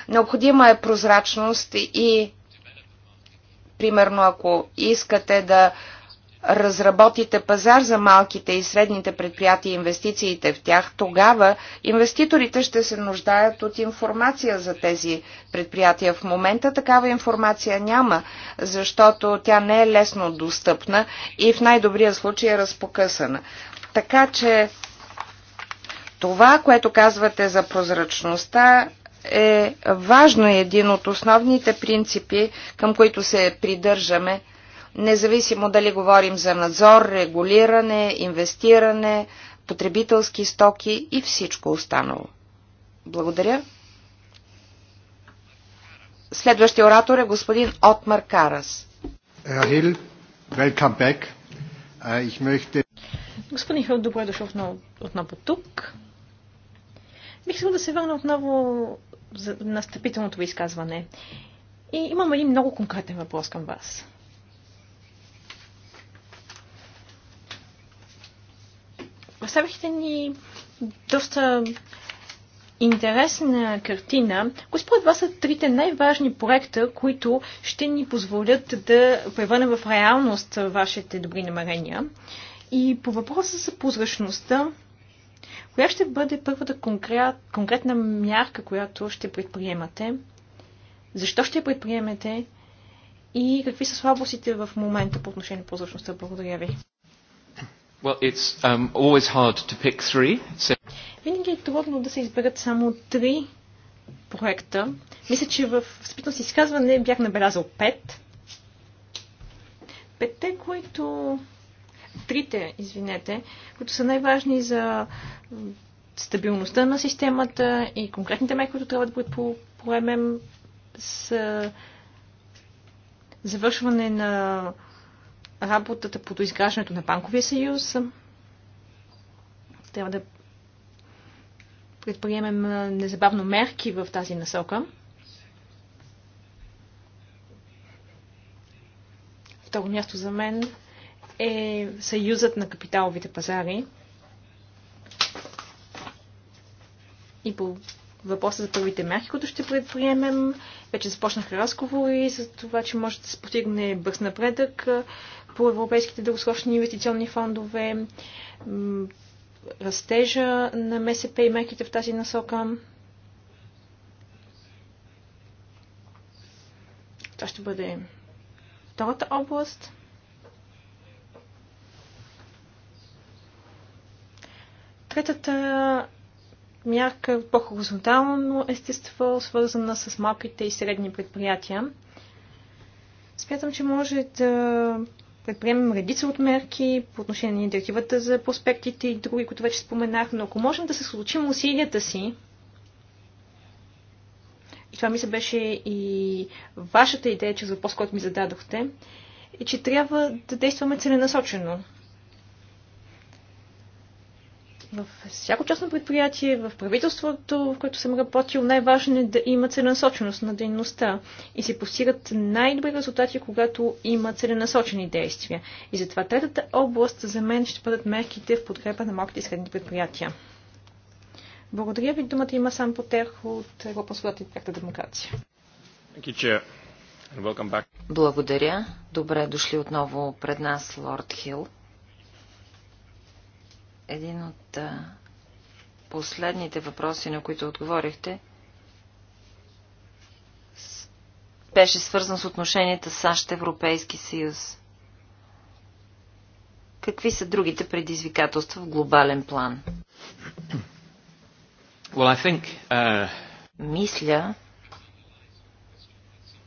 Необходима е прозрачност и, примерно, ако искате да разработите пазар за малките и средните предприятия и инвестициите в тях, тогава инвеститорите ще се нуждаят от информация за тези предприятия. В момента такава информация няма, защото тя не е лесно достъпна и в най-добрия случай е разпокъсана. Така че това, което казвате за прозрачността, е важно и един от основните принципи, към които се придържаме независимо дали говорим за надзор, регулиране, инвестиране, потребителски стоки и всичко останало. Благодаря. Следващия оратор е господин Отмар Карас. welcome back. Äh, ich möchte... Господин Хил, добре дошъл отново, отново тук. Бих искал да се върна отново на стъпителното ви изказване. И имам един много конкретен въпрос към вас. представихте ни доста интересна картина. Кои според вас са трите най-важни проекта, които ще ни позволят да превърнем в реалност вашите добри намерения? И по въпроса за прозрачността, коя ще бъде първата конкретна мярка, която ще предприемате? Защо ще предприемете? И какви са слабостите в момента по отношение на прозрачността? Благодаря ви. Well, it's um, always hard to pick three. So... Винаги е трудно да се изберат само три проекта. Мисля, че в спитно си изказване бях набелязал пет. Петте, които... Трите, извинете, които са най-важни за стабилността на системата и конкретните мерки, които трябва да бъдат по поемем с завършване на работата по доизграждането на банковия съюз. Трябва да предприемем незабавно мерки в тази насока. Второ място за мен е съюзът на капиталовите пазари. И по въпроса за първите мерки, които ще предприемем, вече започнаха разговори за това, че може да се постигне бърз напредък по европейските дългосрочни инвестиционни фондове, растежа на МСП и мерките в тази насока. Това ще бъде втората област. Третата мярка по-хоризонтално естество, свързана с малките и средни предприятия. Смятам, че може да предприемем редица от мерки по отношение на директивата за проспектите и други, които вече споменах, но ако можем да се случим усилията си, и това ми се беше и вашата идея, че за въпрос, който ми зададохте, е, че трябва да действаме целенасочено в всяко частно предприятие, в правителството, в което съм работил, най-важно е да има целенасоченост на дейността и се постигат най-добри резултати, когато има целенасочени действия. И затова третата област за мен ще бъдат мерките в подкрепа на малките и средни предприятия. Благодаря ви. Думата има сам Потех от Европа Свободата и Проекта Демокрация. Благодаря. Добре дошли отново пред нас, Лорд Хилл един от последните въпроси, на които отговорихте, беше свързан с отношенията САЩ-Европейски съюз. Какви са другите предизвикателства в глобален план? Well, I think, uh... Мисля,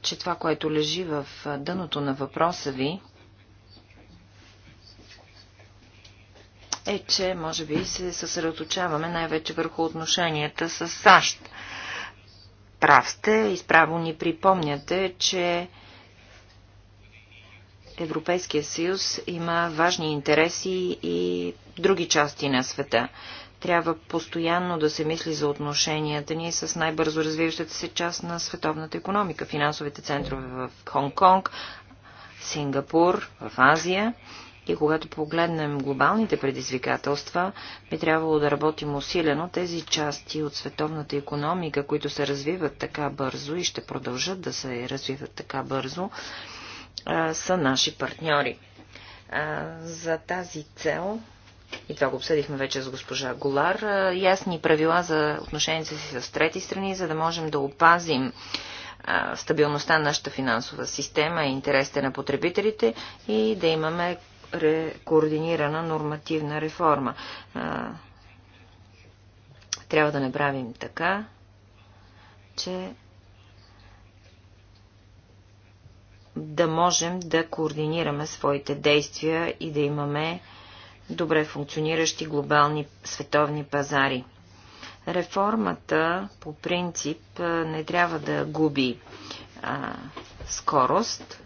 че това, което лежи в дъното на въпроса ви, е, че може би се съсредоточаваме най-вече върху отношенията с САЩ. Прав сте, изправо ни припомняте, че Европейския съюз има важни интереси и други части на света. Трябва постоянно да се мисли за отношенията ни с най-бързо развиващата се част на световната економика, финансовите центрове в Хонг-Конг, Сингапур, в Азия и когато погледнем глобалните предизвикателства, би трябвало да работим усилено тези части от световната економика, които се развиват така бързо и ще продължат да се развиват така бързо, са наши партньори. За тази цел и това го обсъдихме вече с госпожа Голар, ясни правила за отношенията си с трети страни, за да можем да опазим стабилността на нашата финансова система и интересите на потребителите и да имаме координирана нормативна реформа. трябва да направим така, че да можем да координираме своите действия и да имаме добре функциониращи глобални световни пазари. Реформата по принцип не трябва да губи а, скорост,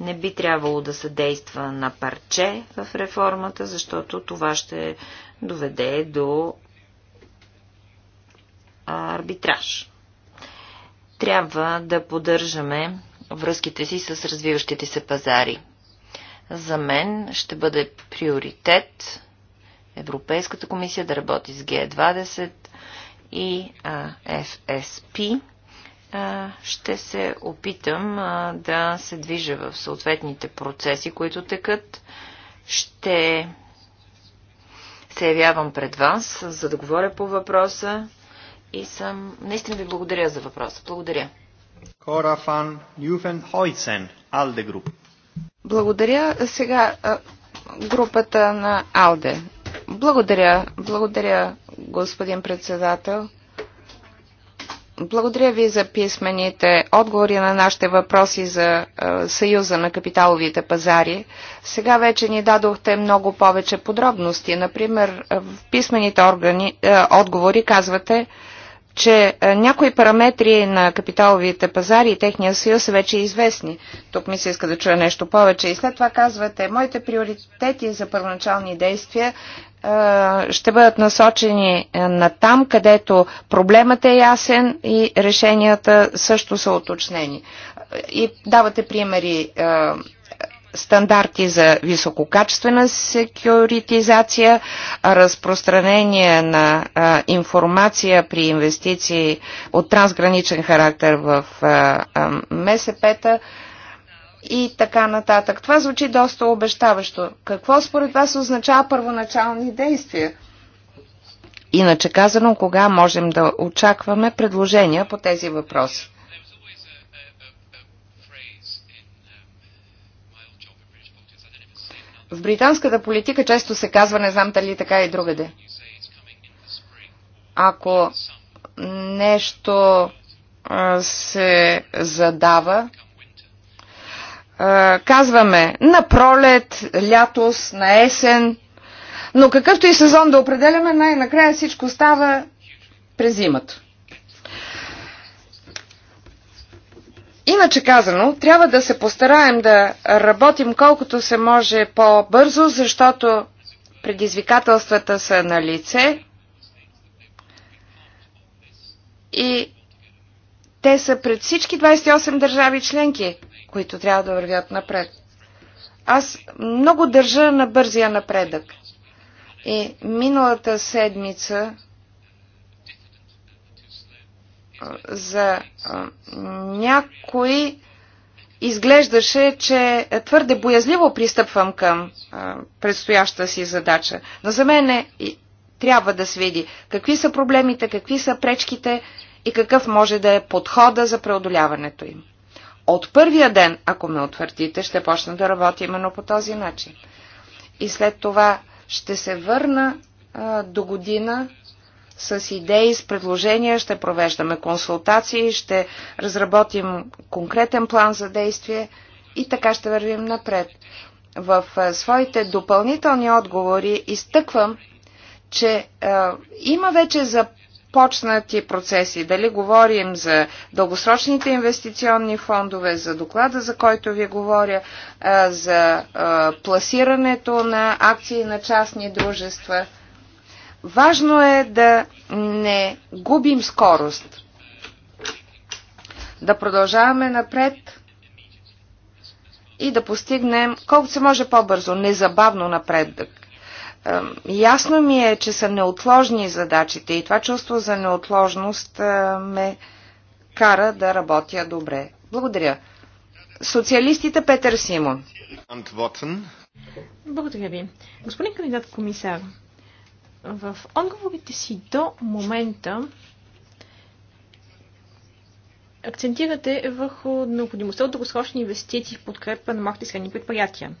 не би трябвало да се действа на парче в реформата, защото това ще доведе до арбитраж. Трябва да поддържаме връзките си с развиващите се пазари. За мен ще бъде приоритет Европейската комисия да работи с Г20 и ФСП ще се опитам да се движа в съответните процеси, които текат. Ще се явявам пред вас, за да говоря по въпроса и съм... Наистина ви благодаря за въпроса. Благодаря. Кора фан Хойцен, Алде Груп. Благодаря. Сега групата на Алде. Благодаря. Благодаря, господин председател. Благодаря ви за писмените отговори на нашите въпроси за е, Съюза на капиталовите пазари. Сега вече ни дадохте много повече подробности. Например, е, в писмените органи, е, отговори казвате, че някои параметри на капиталовите пазари и техния съюз са вече известни. Тук ми се иска да чуя нещо повече. И след това казвате, моите приоритети за първоначални действия ще бъдат насочени е, на там, където проблемът е ясен и решенията също са уточнени. И давате примери стандарти за висококачествена секюритизация, разпространение на информация при инвестиции от трансграничен характер в МСП-та, и така нататък. Това звучи доста обещаващо. Какво според вас означава първоначални действия? Иначе казано, кога можем да очакваме предложения по тези въпроси? В британската политика често се казва, не знам дали така и другаде. Ако нещо се задава, казваме на пролет, лятос, на есен, но какъвто и сезон да определяме, най-накрая всичко става през зимата. Иначе казано, трябва да се постараем да работим колкото се може по-бързо, защото предизвикателствата са на лице и те са пред всички 28 държави членки които трябва да вървят напред. Аз много държа на бързия напредък. И миналата седмица за някои изглеждаше, че твърде боязливо пристъпвам към предстояща си задача. Но за мен е, трябва да се види какви са проблемите, какви са пречките и какъв може да е подхода за преодоляването им. От първия ден, ако ме утвърдите, ще почна да работя именно по този начин. И след това ще се върна а, до година с идеи, с предложения, ще провеждаме консултации, ще разработим конкретен план за действие и така ще вървим напред. В а, своите допълнителни отговори изтъквам, че а, има вече за започнати процеси. Дали говорим за дългосрочните инвестиционни фондове, за доклада, за който ви говоря, за пласирането на акции на частни дружества. Важно е да не губим скорост, да продължаваме напред и да постигнем колкото се може по-бързо, незабавно напредък. Ясно ми е, че са неотложни задачите и това чувство за неотложност ме кара да работя добре. Благодаря. Социалистите Петър Симон. Благодаря ви. Господин кандидат комисар, в отговорите си до момента акцентирате върху необходимостта от дългосрочни инвестиции в подкрепа на малките и средни предприятия.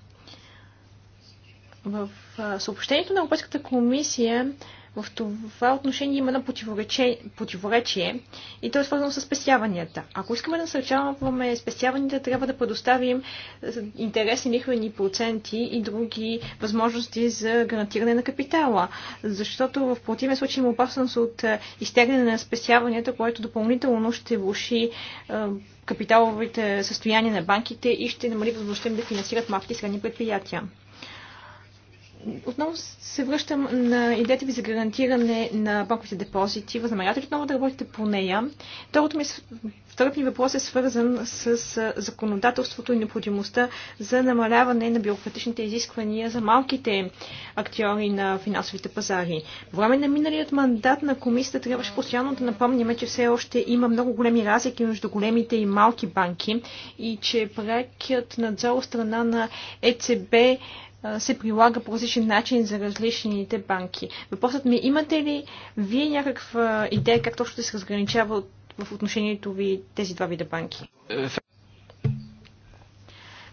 В съобщението на Европейската комисия в това отношение има едно противоречие, и то е свързано с спестяванията. Ако искаме да насърчаваме спестяванията, трябва да предоставим интересни лихвени проценти и други възможности за гарантиране на капитала. Защото в противен случай има опасност от изтегляне на спестяванията, което допълнително ще влуши капиталовите състояния на банките и ще намали възможността им да финансират малки и средни предприятия отново се връщам на идеята ви за гарантиране на банковите депозити. Възнамерявате ли отново да работите по нея? Второто ми, ми въпрос е свързан с законодателството и необходимостта за намаляване на бюрократичните изисквания за малките актьори на финансовите пазари. По време на миналият мандат на комисията трябваше постоянно да напомняме, че все още има много големи разлики между големите и малки банки и че прекият надзор от страна на ЕЦБ се прилага по различен начин за различните банки. Въпросът ми, е, имате ли вие някаква идея как точно се разграничава в отношението ви тези два вида банки?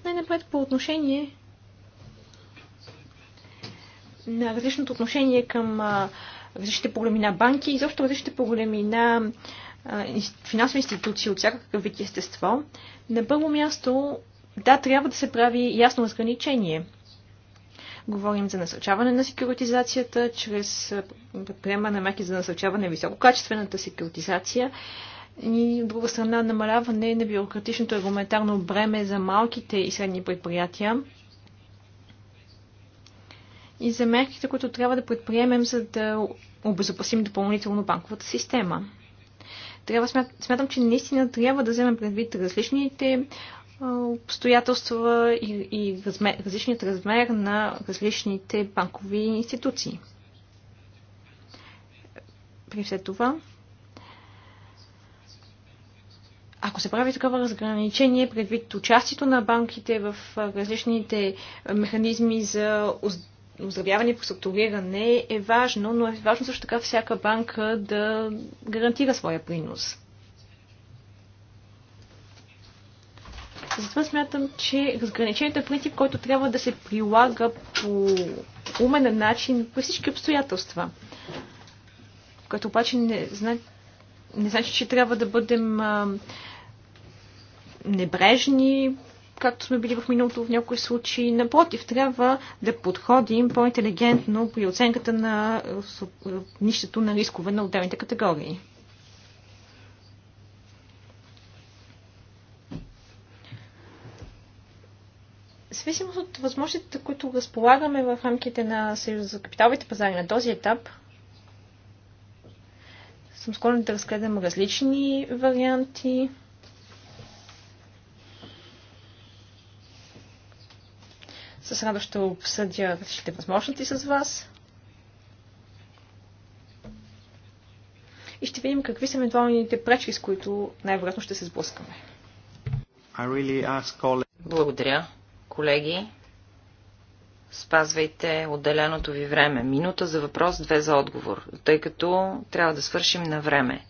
Най-напред по отношение на различното отношение към различните по големина банки и защо различните по големина финансови институции от всякакъв вид естество. На първо място, да, трябва да се прави ясно разграничение – Говорим за насърчаване на секюритизацията чрез предприема на мерки за насърчаване на висококачествената секюритизация и от друга страна намаляване на бюрократичното регламентарно бреме за малките и средни предприятия и за мерките, които трябва да предприемем, за да обезопасим допълнително банковата система. Трябва, смятам, че наистина трябва да вземем предвид различните обстоятелства и, и размер, различният размер на различните банкови институции. При все това, ако се прави такова разграничение предвид участието на банките в различните механизми за оздравяване и структуриране, е важно, но е важно също така всяка банка да гарантира своя принос. Затова смятам, че разграничението е принцип, който трябва да се прилага по умен начин при всички обстоятелства. Което обаче не, зна... не значи, че трябва да бъдем а... небрежни, както сме били в миналото в някои случаи. Напротив, трябва да подходим по-интелигентно при оценката на нището на рискове на отделните категории. зависимост от възможностите, които разполагаме в рамките на Съюза за капиталовите пазари на този етап, съм склонен да разгледам различни варианти. С радост ще обсъдя различните възможности с вас. И ще видим какви са евентуалните пречки, с които най-вероятно ще се сблъскаме. Благодаря. Колеги, спазвайте отделеното ви време. Минута за въпрос, две за отговор, тъй като трябва да свършим на време.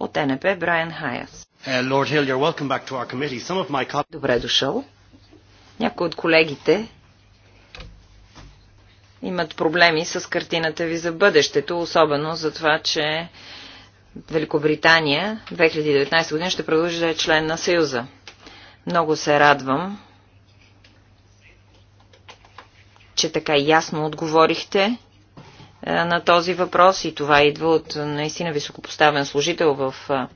От НП Брайан Хайас. Uh, Добре е дошъл. Някои от колегите имат проблеми с картината ви за бъдещето, особено за това, че Великобритания 2019 година ще продължи да е член на Съюза. Много се радвам, че така ясно отговорихте е, на този въпрос и това идва от е, наистина високопоставен служител в е,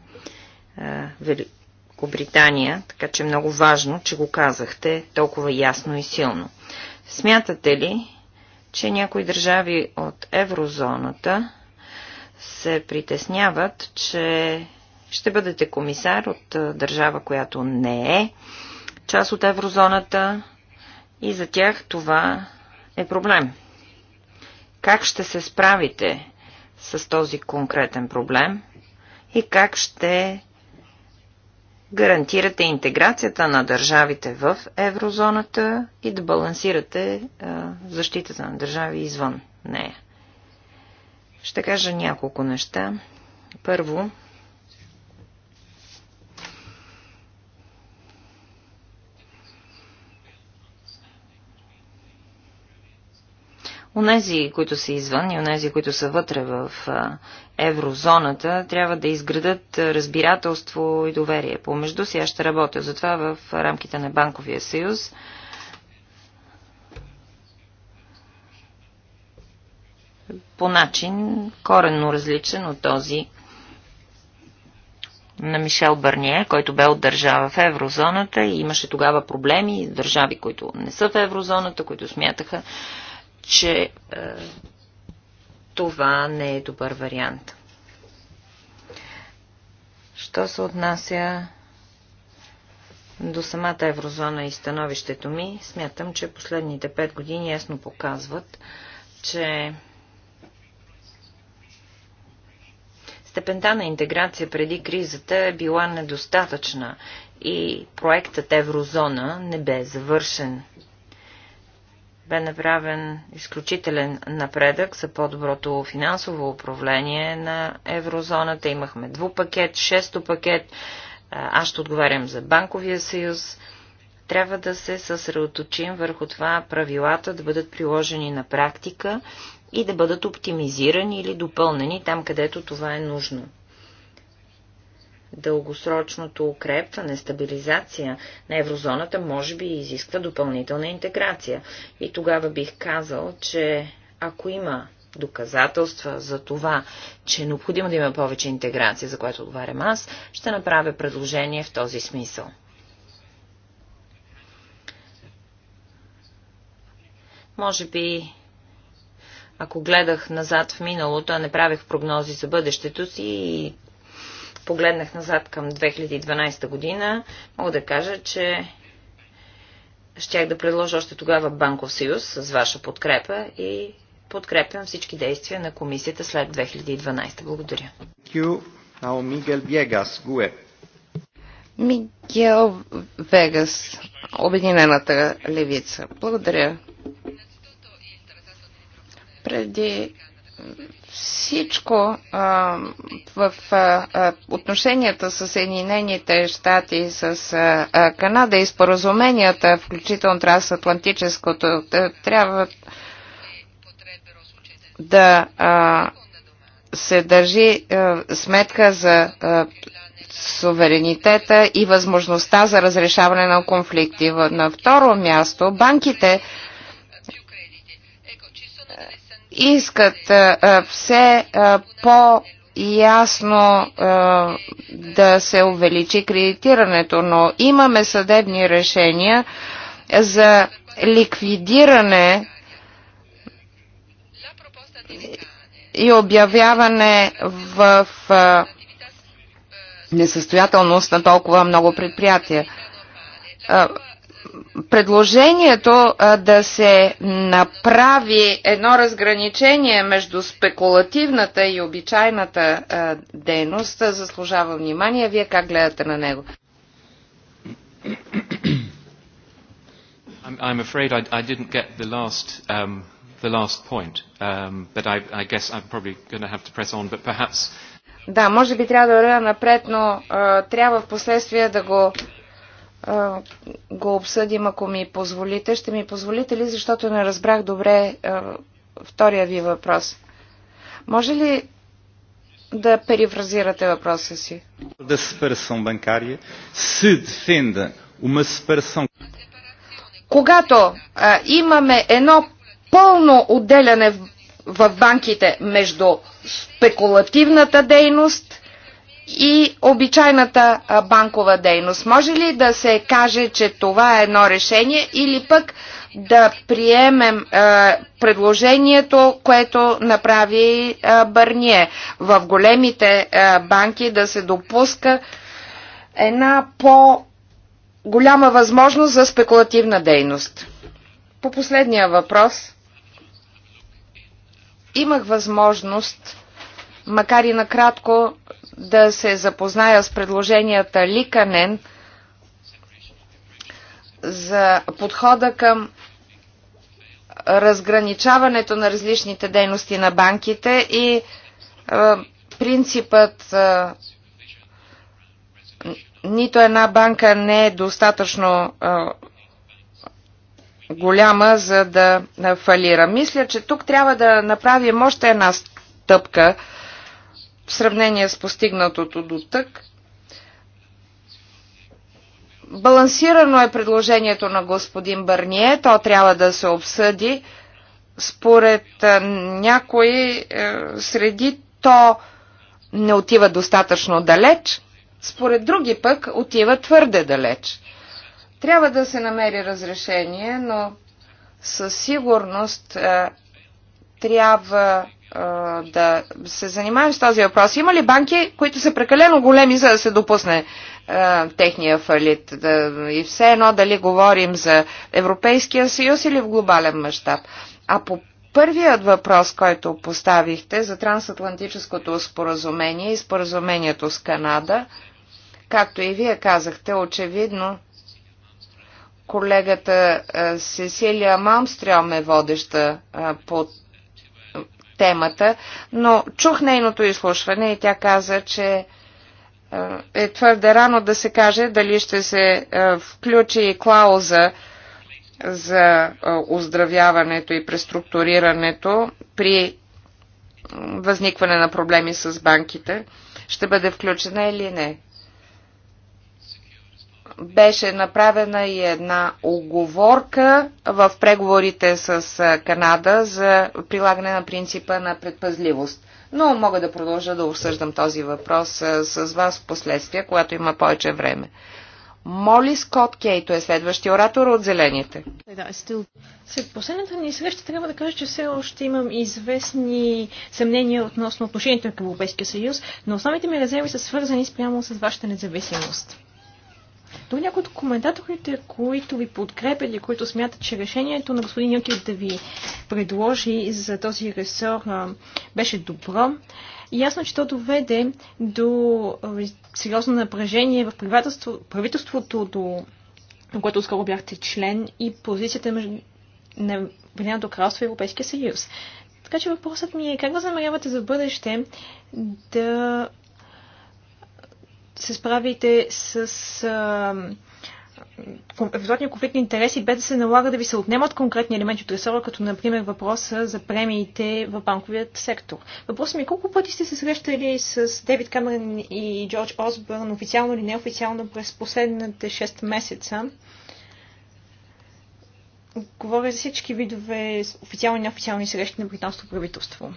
Великобритания, така че е много важно, че го казахте толкова ясно и силно. Смятате ли, че някои държави от еврозоната се притесняват, че ще бъдете комисар от държава, която не е част от еврозоната и за тях това е проблем. Как ще се справите с този конкретен проблем и как ще гарантирате интеграцията на държавите в еврозоната и да балансирате защитата на държави извън нея? Ще кажа няколко неща. Първо, Онези, които са извън и онези, които са вътре в еврозоната, трябва да изградат разбирателство и доверие. Помежду си аз ще работя за това в рамките на Банковия съюз. По начин коренно различен от този на Мишел Бърние, който бе от държава в еврозоната и имаше тогава проблеми, държави, които не са в еврозоната, които смятаха, че е, това не е добър вариант. Що се отнася до самата еврозона и становището ми, смятам, че последните пет години ясно показват, че степента на интеграция преди кризата е била недостатъчна и проектът еврозона не бе завършен бе направен изключителен напредък за по-доброто финансово управление на еврозоната. Имахме двупакет, шесто пакет. Аз ще отговарям за банковия съюз. Трябва да се съсредоточим върху това правилата да бъдат приложени на практика и да бъдат оптимизирани или допълнени там, където това е нужно дългосрочното укрепване, стабилизация на еврозоната може би изисква допълнителна интеграция. И тогава бих казал, че ако има доказателства за това, че е необходимо да има повече интеграция, за което отговарям аз, ще направя предложение в този смисъл. Може би ако гледах назад в миналото, а не правех прогнози за бъдещето си и погледнах назад към 2012 година, мога да кажа, че щях да предложа още тогава Банков съюз с ваша подкрепа и подкрепям всички действия на комисията след 2012. Благодаря. Мигел Вегас, Обединената левица. Благодаря. Преди всичко а, в а, отношенията с Съединените щати, с а, Канада и споразуменията, включително трансатлантическото, трябва да а, се държи а, сметка за а, суверенитета и възможността за разрешаване на конфликти. На второ място, банките искат все по- ясно да се увеличи кредитирането, но имаме съдебни решения за ликвидиране и обявяване в е, несъстоятелност на толкова много предприятия предложението да се направи едно разграничение между спекулативната и обичайната дейност заслужава внимание. Вие как гледате на него? I'm afraid I, I didn't get the last, um, the last point, um, but I, I guess I'm probably going to have to press on, but perhaps... Да, може би трябва да вървя напред, но uh, трябва в последствие да го uh, го обсъдим, ако ми позволите. Ще ми позволите ли, защото не разбрах добре втория ви въпрос. Може ли да перифразирате въпроса си? Да separação bancária се defenda uma separação... Когато а, имаме едно пълно отделяне в, в банките между спекулативната дейност и обичайната банкова дейност. Може ли да се каже, че това е едно решение или пък да приемем е, предложението, което направи е, Бърние в големите е, банки да се допуска една по-голяма възможност за спекулативна дейност? По последния въпрос имах възможност, макар и накратко, да се запозная с предложенията Ликанен за подхода към разграничаването на различните дейности на банките и е, принципът е, нито една банка не е достатъчно е, голяма, за да фалира. Мисля, че тук трябва да направим още една стъпка сравнение с постигнатото до тък. Балансирано е предложението на господин Бърние, то трябва да се обсъди. Според някои е, среди то не отива достатъчно далеч, според други пък отива твърде далеч. Трябва да се намери разрешение, но със сигурност е, трябва да се занимаем с този въпрос. Има ли банки, които са прекалено големи, за да се допусне а, техния фалит? Да, и все едно дали говорим за Европейския съюз или в глобален мащаб. А по първият въпрос, който поставихте за трансатлантическото споразумение и споразумението с Канада, както и вие казахте, очевидно колегата Сесилия Мамстрем е водеща по темата, но чух нейното изслушване и тя каза, че е, е твърде рано да се каже дали ще се е, включи и клауза за е, оздравяването и преструктурирането при възникване на проблеми с банките, ще бъде включена или не беше направена и една оговорка в преговорите с Канада за прилагане на принципа на предпазливост. Но мога да продължа да обсъждам този въпрос с вас в последствие, когато има повече време. Моли Скот Кейто е следващия оратор от Зелените. Да, still... Е След последната ни среща трябва да кажа, че все още имам известни съмнения относно отношението към Европейския съюз, но основните ми резерви са свързани спрямо с вашата независимост. Дори е някои от коментаторите, които ви подкрепят и които смятат, че решението на господин Юнкер да ви предложи за този ресор беше добро, ясно, че то доведе до сериозно напрежение в правителство, правителството, до което скоро бяхте член и позицията между на Обединеното кралство и Европейския съюз. Така че въпросът ми е как да замерявате за бъдеще да се справите с а, евентуалния конфликт на интереси, без да се налага да ви се отнемат конкретни елементи от ресора, като например въпроса за премиите в банковият сектор. Въпросът ми е колко пъти сте се срещали с Девид Камерън и Джордж Осбърн, официално или неофициално, през последните 6 месеца? Говоря за всички видове официални и неофициални срещи на британското правителство.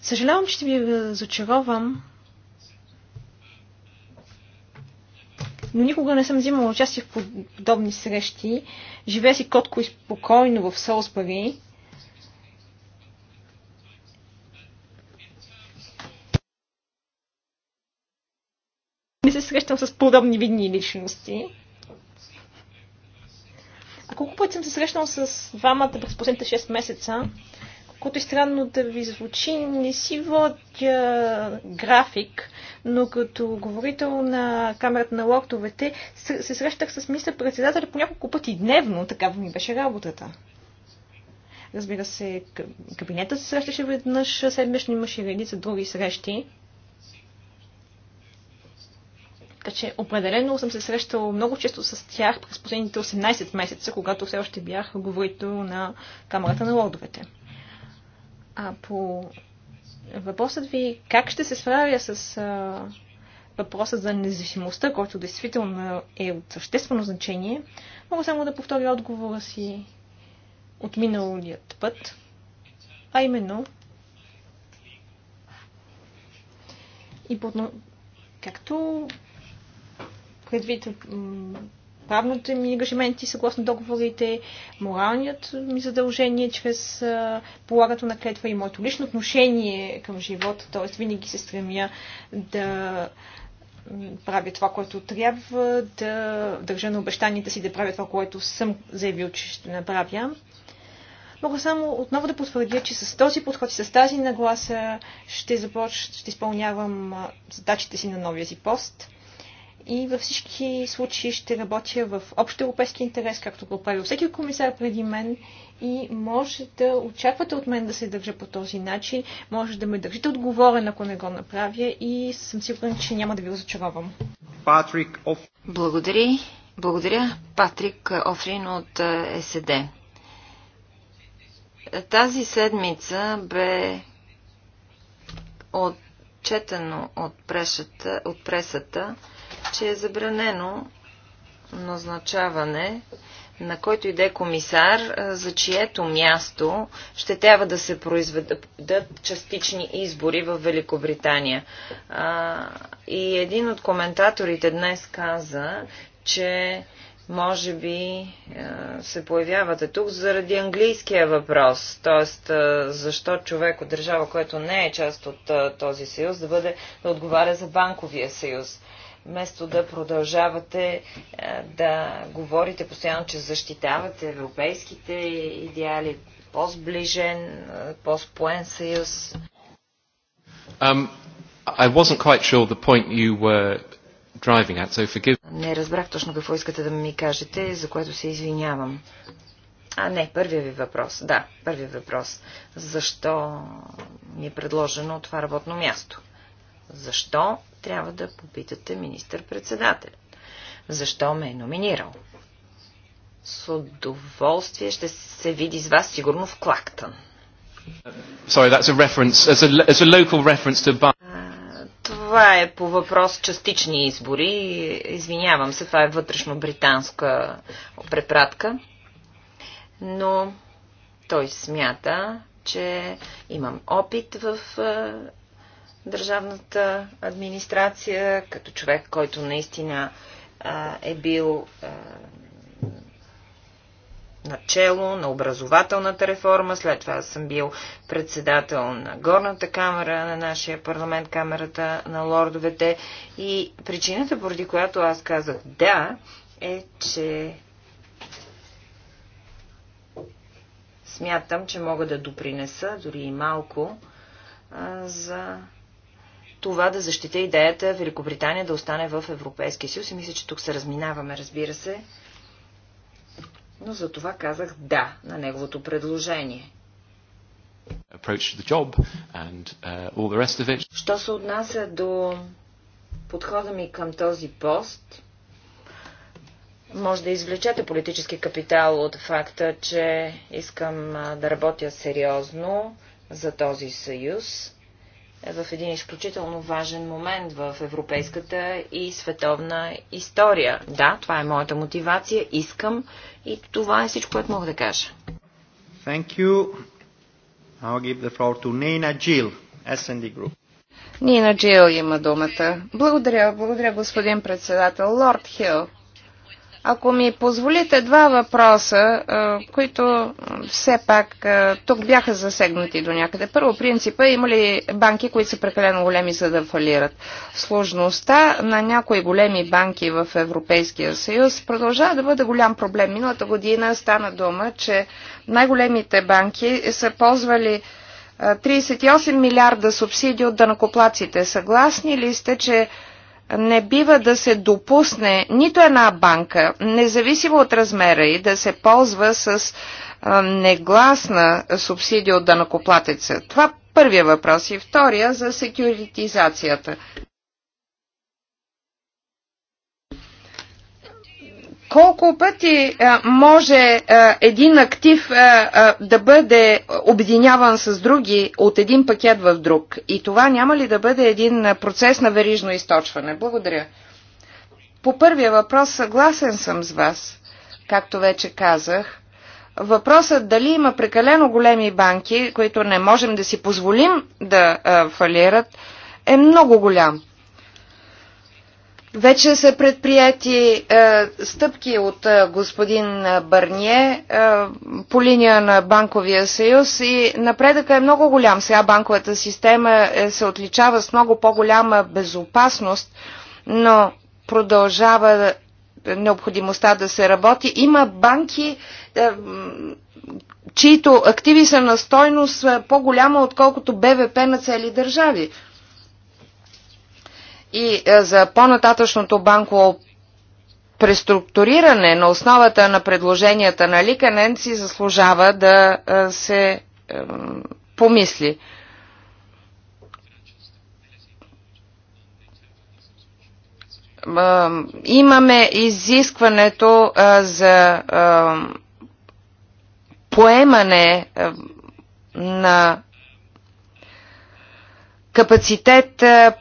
Съжалявам, че ще ви разочаровам, но никога не съм взимала участие в подобни срещи. Живея си котко и спокойно в Солсбъри. Не се срещам с подобни видни личности. А колко пъти съм се срещнал с двамата през последните 6 месеца? което е странно да ви звучи, не си водя график, но като говорител на камерата на локтовете се срещах с мисля председателя по няколко пъти дневно, такава ми беше работата. Разбира се, кабинета се срещаше веднъж, седмично имаше редица други срещи. Така че определено съм се срещал много често с тях през последните 18 месеца, когато все още бях говорител на Камерата на лордовете. А по въпросът ви как ще се справя с а, въпроса за независимостта, който действително е от съществено значение, мога само да повторя отговора си от миналият път, а именно и по, както предвид правните ми ангажименти съгласно договорите, моралният ми задължение чрез полагането на клетва и моето лично отношение към живота, т.е. винаги се стремя да правя това, което трябва, да държа на обещанията си, да правя това, което съм заявил, че ще направя. Мога само отново да потвърдя, че с този подход и с тази нагласа ще започна, ще изпълнявам задачите си на новия си пост – и във всички случаи ще работя в общо европейски интерес, както го прави всеки комисар преди мен и може да очаквате от мен да се държа по този начин, може да ме държите отговорен, ако не го направя и съм сигурен, че няма да ви разочаровам. Патрик Благодаря. Благодаря, Патрик Офрин от е, СД. Тази седмица бе отчетено от пресата, от пресата че е забранено назначаване на който иде комисар, за чието място ще трябва да се произведат частични избори в Великобритания. И един от коментаторите днес каза, че може би се появявате тук заради английския въпрос, т.е. защо човек от държава, което не е част от този съюз, да бъде да отговаря за банковия съюз вместо да продължавате е, да говорите постоянно, че защитавате европейските идеали, по-сближен, е, по-споен съюз. Um, I wasn't quite sure the point you were driving at, so forgive... Не разбрах точно какво искате да ми кажете, за което се извинявам. А, не, първият ви въпрос. Да, първият въпрос. Защо ми е предложено това работно място? Защо? Трябва да попитате министър-председател. Защо ме е номинирал? С удоволствие ще се види с вас сигурно в Клактън. това е по въпрос частични избори. Извинявам се, това е вътрешно британска препратка. Но той смята, че имам опит в държавната администрация, като човек, който наистина а, е бил а, начало на образователната реформа, след това съм бил председател на горната камера на нашия парламент, камерата на лордовете и причината, поради която аз казах да, е, че смятам, че мога да допринеса дори и малко за това да защите идеята Великобритания да остане в Европейския съюз и мисля, че тук се разминаваме, разбира се. Но за това казах да на неговото предложение. Uh, Що се отнася до подхода ми към този пост, може да извлечете политически капитал от факта, че искам да работя сериозно за този съюз е в един изключително важен момент в европейската и световна история. Да, това е моята мотивация, искам и това е всичко, което мога да кажа. Thank you. I'll give the floor to Nina Jill, Group. Нина Джил има думата. Благодаря, благодаря господин председател. Лорд Хил, ако ми позволите два въпроса, които все пак тук бяха засегнати до някъде. Първо принципа, има ли банки, които са прекалено големи за да фалират? Сложността на някои големи банки в Европейския съюз продължава да бъде голям проблем. Миналата година стана дума, че най-големите банки са ползвали 38 милиарда субсидии от данакоплаците. Съгласни ли сте, че не бива да се допусне нито една банка, независимо от размера и да се ползва с негласна субсидия от данакоплатеца. Това първия въпрос и втория за секюритизацията. Колко пъти е, може е, един актив е, да бъде обединяван с други от един пакет в друг? И това няма ли да бъде един процес на верижно източване? Благодаря. По първия въпрос съгласен съм с вас, както вече казах. Въпросът дали има прекалено големи банки, които не можем да си позволим да фалират, е много голям. Вече са предприяти е, стъпки от е, господин Бърние е, по линия на Банковия съюз и напредъка е много голям. Сега банковата система е, се отличава с много по-голяма безопасност, но продължава е, необходимостта да се работи. Има банки, е, чието активи са на стойност е, по-голяма, отколкото БВП на цели държави и е, за по-нататъчното банково преструктуриране на основата на предложенията на Ликанен си заслужава да е, се е, помисли. Имаме изискването за поемане на капацитет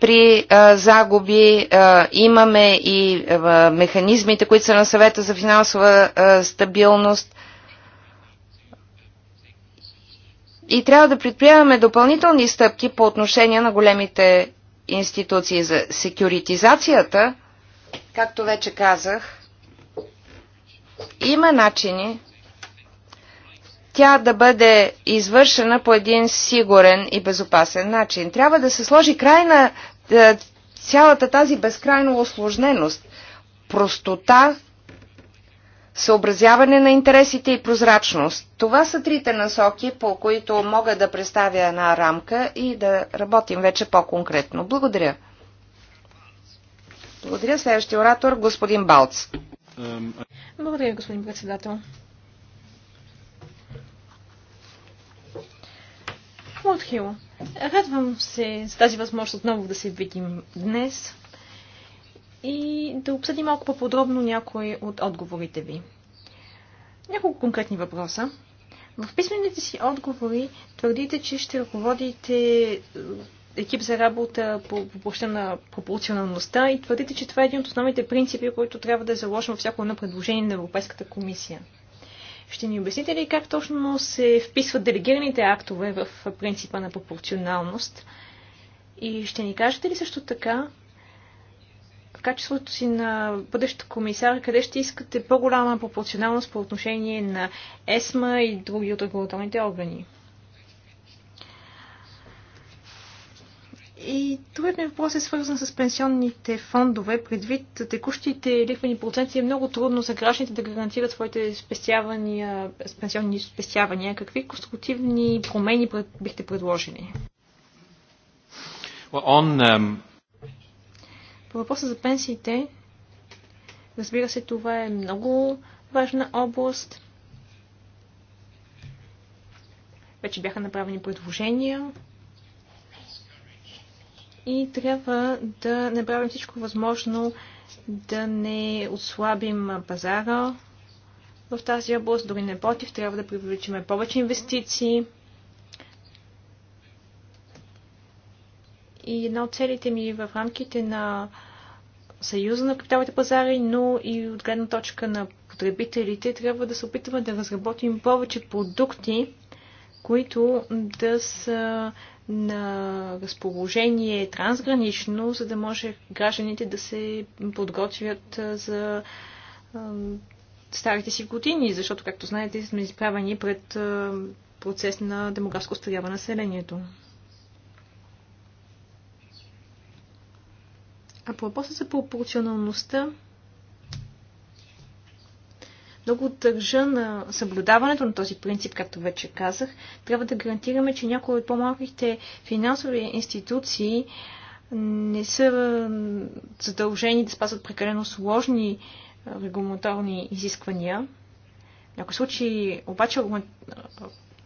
при загуби, имаме и механизмите, които са на съвета за финансова стабилност. И трябва да предприемаме допълнителни стъпки по отношение на големите институции за секюритизацията, както вече казах, има начини тя да бъде извършена по един сигурен и безопасен начин. Трябва да се сложи край на е, цялата тази безкрайна осложненост, простота, съобразяване на интересите и прозрачност. Това са трите насоки, по които мога да представя една рамка и да работим вече по-конкретно. Благодаря. Благодаря. Следващия оратор, господин Балц. Благодаря, господин председател. Мутхил, радвам се за тази възможност отново да се видим днес и да обсъдим малко по-подробно някои от отговорите ви. Няколко конкретни въпроса. В писмените си отговори твърдите, че ще ръководите е, екип за работа по въобще на пропорционалността и твърдите, че това е един от основните принципи, които трябва да е заложен във всяко едно предложение на Европейската комисия. Ще ни обясните ли как точно се вписват делегираните актове в принципа на пропорционалност? И ще ни кажете ли също така, в качеството си на бъдещата комисар, къде ще искате по-голяма пропорционалност по отношение на ЕСМА и други от регулаторните органи? И другият ми въпрос е свързан с пенсионните фондове. Предвид текущите лихвени проценти е много трудно за гражданите да гарантират своите спестявания, пенсионни спестявания. Какви конструктивни промени бихте предложили? Well, on, um... По въпроса за пенсиите, разбира се, това е много важна област. Вече бяха направени предложения и трябва да направим всичко възможно да не отслабим пазара в тази област. Дори напротив, трябва да привлечем повече инвестиции. И една от целите ми е в рамките на Съюза на капиталните пазари, но и от гледна точка на потребителите, трябва да се опитаме да разработим повече продукти, които да са на разположение трансгранично, за да може гражданите да се подготвят за старите си години, защото, както знаете, сме изправени пред процес на демографско устаряване на населението. А по въпроса за пропорционалността, много държа на съблюдаването на този принцип, както вече казах. Трябва да гарантираме, че някои от по-малките финансови институции не са задължени да спазват прекалено сложни е, регуляторни изисквания. В някои случаи обаче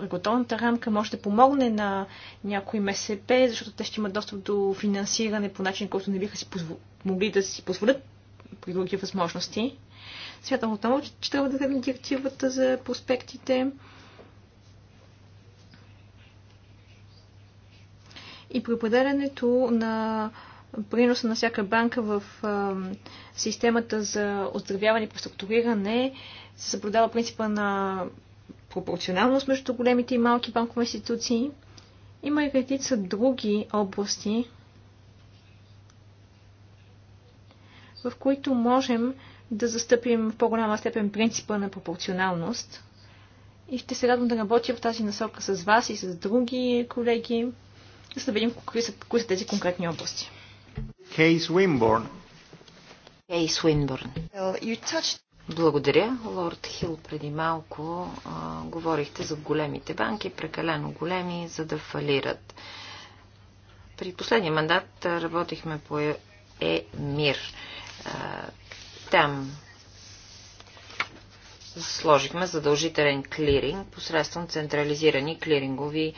регулаторната рамка може да помогне на някои МСП, защото те ще имат достъп до финансиране по начин, който не биха си могли да си позволят при други възможности. Смятам отново, че трябва да гледам директивата за проспектите. И при определянето на приноса на всяка банка в системата за оздравяване и преструктуриране се съблюдава принципа на пропорционалност между големите и малки банкови институции. Има и редица други области, в които можем да застъпим в по-голяма степен принципа на пропорционалност. И ще се радвам да работя в тази насока с вас и с други колеги, за да видим кои са, кои са тези конкретни области. Кейс Уинборн. Кейс Уинборн. Благодаря. Лорд Хил преди малко а, говорихте за големите банки, прекалено големи, за да фалират. При последния мандат работихме по ЕМИР там сложихме задължителен клиринг посредством централизирани клирингови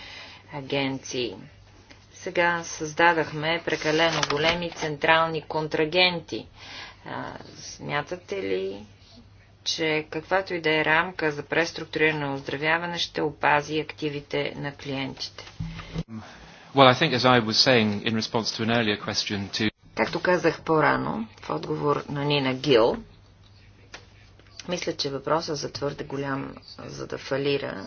агенции. Сега създадахме прекалено големи централни контрагенти. Смятате ли, че каквато и да е рамка за преструктуриране оздравяване ще опази активите на клиентите? Well, I think as I was saying in response to an earlier question to Както казах по-рано, в отговор на Нина Гил, мисля, че въпросът за твърде голям, за да фалира,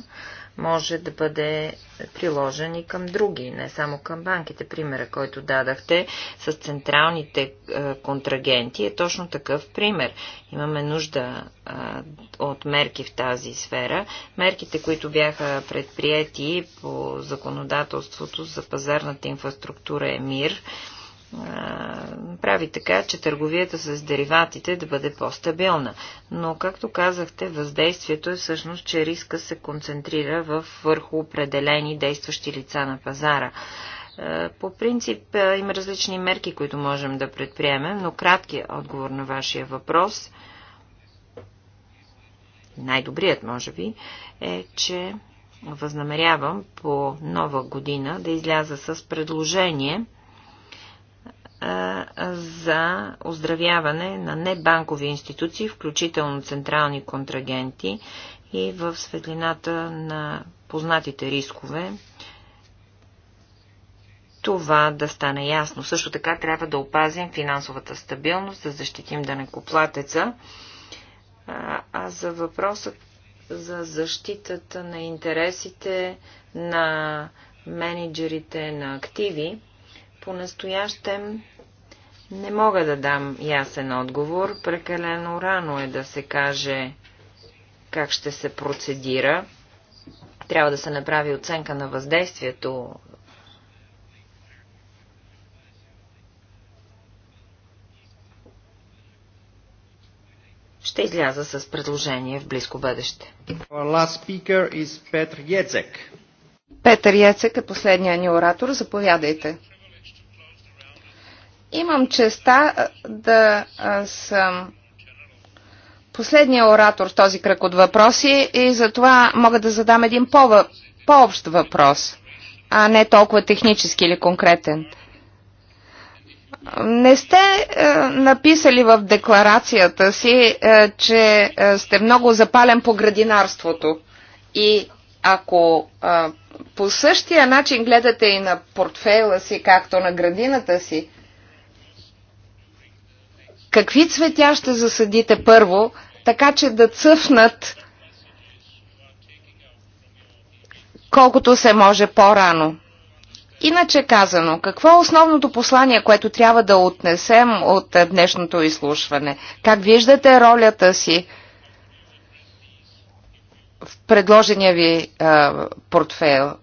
може да бъде приложен и към други, не само към банките. Примера, който дадахте с централните е, контрагенти е точно такъв пример. Имаме нужда е, от мерки в тази сфера. Мерките, които бяха предприяти по законодателството за пазарната инфраструктура е мир прави така, че търговията с дериватите да бъде по-стабилна. Но, както казахте, въздействието е всъщност, че риска се концентрира в върху определени действащи лица на пазара. По принцип има различни мерки, които можем да предприемем, но краткият отговор на вашия въпрос, най-добрият може би, е, че възнамерявам по нова година да изляза с предложение – за оздравяване на небанкови институции, включително централни контрагенти и в светлината на познатите рискове това да стане ясно. Също така трябва да опазим финансовата стабилност, да защитим данекоплатеца. А, а за въпросът за защитата на интересите на менеджерите на активи, по-настоящем не мога да дам ясен отговор. Прекалено рано е да се каже как ще се процедира. Трябва да се направи оценка на въздействието. Ще изляза с предложение в близко бъдеще. Петър Яцек е последния ни оратор. Заповядайте. Имам честа да съм последния оратор в този кръг от въпроси и затова мога да задам един по- по-общ въпрос, а не толкова технически или конкретен. Не сте е, написали в декларацията си, е, че е, сте много запален по градинарството и ако е, по същия начин гледате и на портфейла си, както на градината си, Какви цветя ще засадите първо, така че да цъфнат колкото се може по-рано? Иначе казано, какво е основното послание, което трябва да отнесем от днешното изслушване? Как виждате ролята си в предложения ви а, портфейл?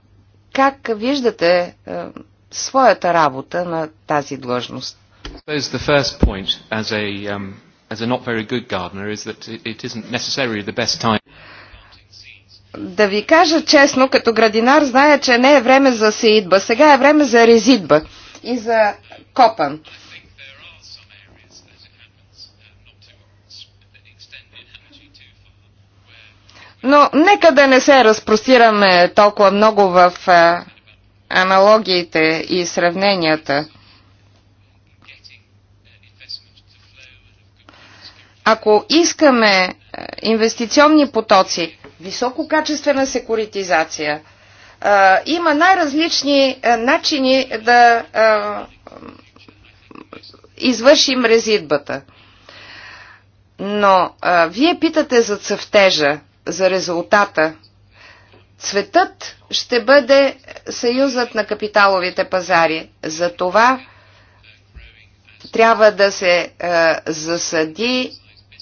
Как виждате а, своята работа на тази длъжност? I suppose The first point as a, um, as a not very good gardener is that it isn't necessarily the best time. Да ви кажа честно, като градинар зная, че не е време за сеидба, сега е време за резидба и за копан. Но нека да не се разпростираме толкова много в аналогиите и сравненията. Ако искаме е, инвестиционни потоци, висококачествена секуритизация, е, има най-различни е, начини да извършим резидбата. Но а, вие питате за цъфтежа, за резултата. Цветът ще бъде съюзът на капиталовите пазари. За това трябва да се а,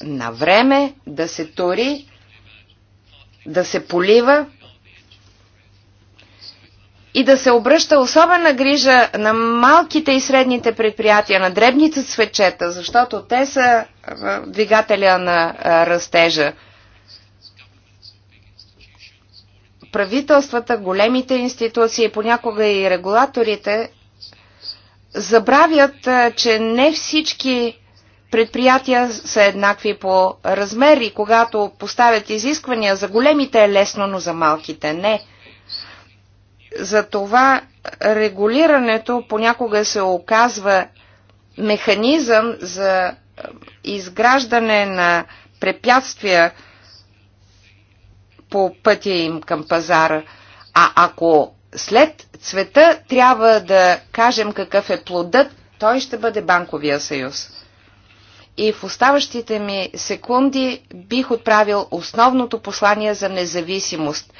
на време, да се тори, да се полива и да се обръща особена грижа на малките и средните предприятия, на дребните свечета, защото те са двигателя на растежа. Правителствата, големите институции, понякога и регулаторите забравят, че не всички предприятия са еднакви по размер и когато поставят изисквания за големите е лесно, но за малките не. Затова регулирането понякога се оказва механизъм за е, изграждане на препятствия по пътя им към пазара. А ако след цвета трябва да кажем какъв е плодът, той ще бъде банковия съюз и в оставащите ми секунди бих отправил основното послание за независимост.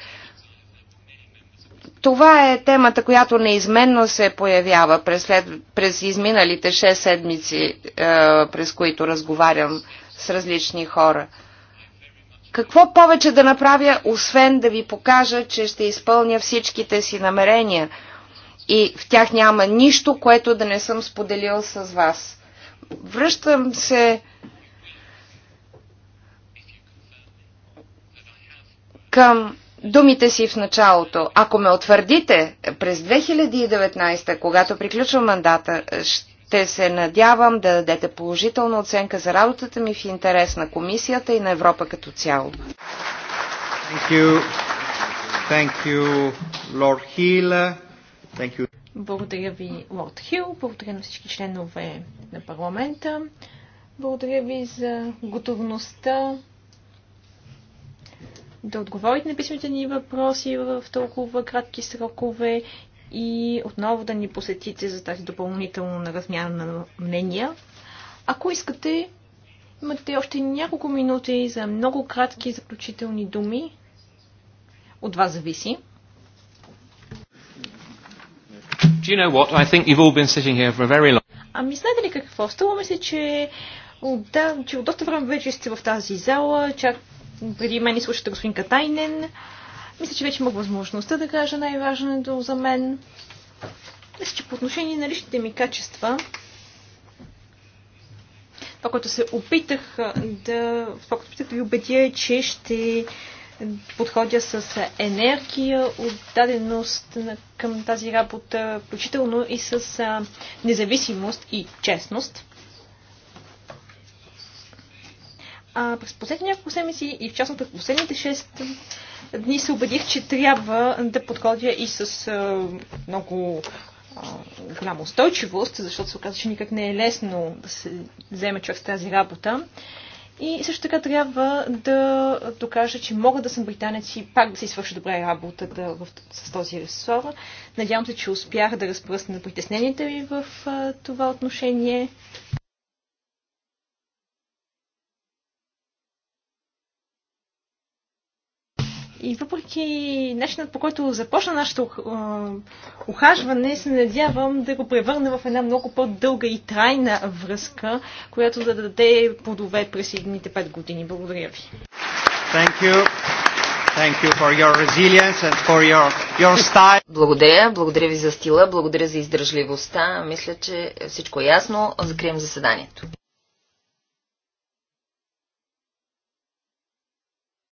Това е темата, която неизменно се появява през, след, през изминалите 6 седмици, е, през които разговарям с различни хора. Какво повече да направя, освен да ви покажа, че ще изпълня всичките си намерения и в тях няма нищо, което да не съм споделил с вас. Връщам се към думите си в началото. Ако ме утвърдите през 2019, когато приключва мандата, ще се надявам да дадете положителна оценка за работата ми в интерес на комисията и на Европа като цяло. Thank you. Thank you, Lord Hill. Thank you. Благодаря ви, Лорд Хил. Благодаря на всички членове на парламента. Благодаря ви за готовността да отговорите на писмите ни въпроси в толкова кратки срокове и отново да ни посетите за тази допълнителна размяна на мнения. Ако искате, имате още няколко минути за много кратки заключителни думи. От вас зависи. Do you know what? I think you've all been sitting here for a very long... Ами знаете ли какво? Става ми се, че, да, че от доста време вече сте в тази зала, чак преди мен слушате господин Катайнен. Мисля, че вече имах възможността да кажа най-важното за мен. Мисля, че по отношение на личните ми качества, това, което се опитах да, това, което опитах да ви убедя е, че ще подходя с енергия, отдаденост към тази работа, включително и с независимост и честност. А през последните няколко седмици и в частност през последните 6 дни се убедих, че трябва да подходя и с много голяма устойчивост, защото се оказа, че никак не е лесно да се вземе човек с тази работа. И също така трябва да докажа, че мога да съм британец и пак да си свърша добре работата в, с този ресор. Надявам се, че успях да разпръсна притесненията ви в а, това отношение. И въпреки начинът по който започна нашето ухажване, се надявам да го превърна в една много по-дълга и трайна връзка, която да даде плодове през едните пет години. Благодаря ви. Thank you. Thank you for your resilience and for your, your style. Благодаря, благодаря ви за стила, благодаря за издържливостта. Мисля, че всичко е ясно. Закрием заседанието.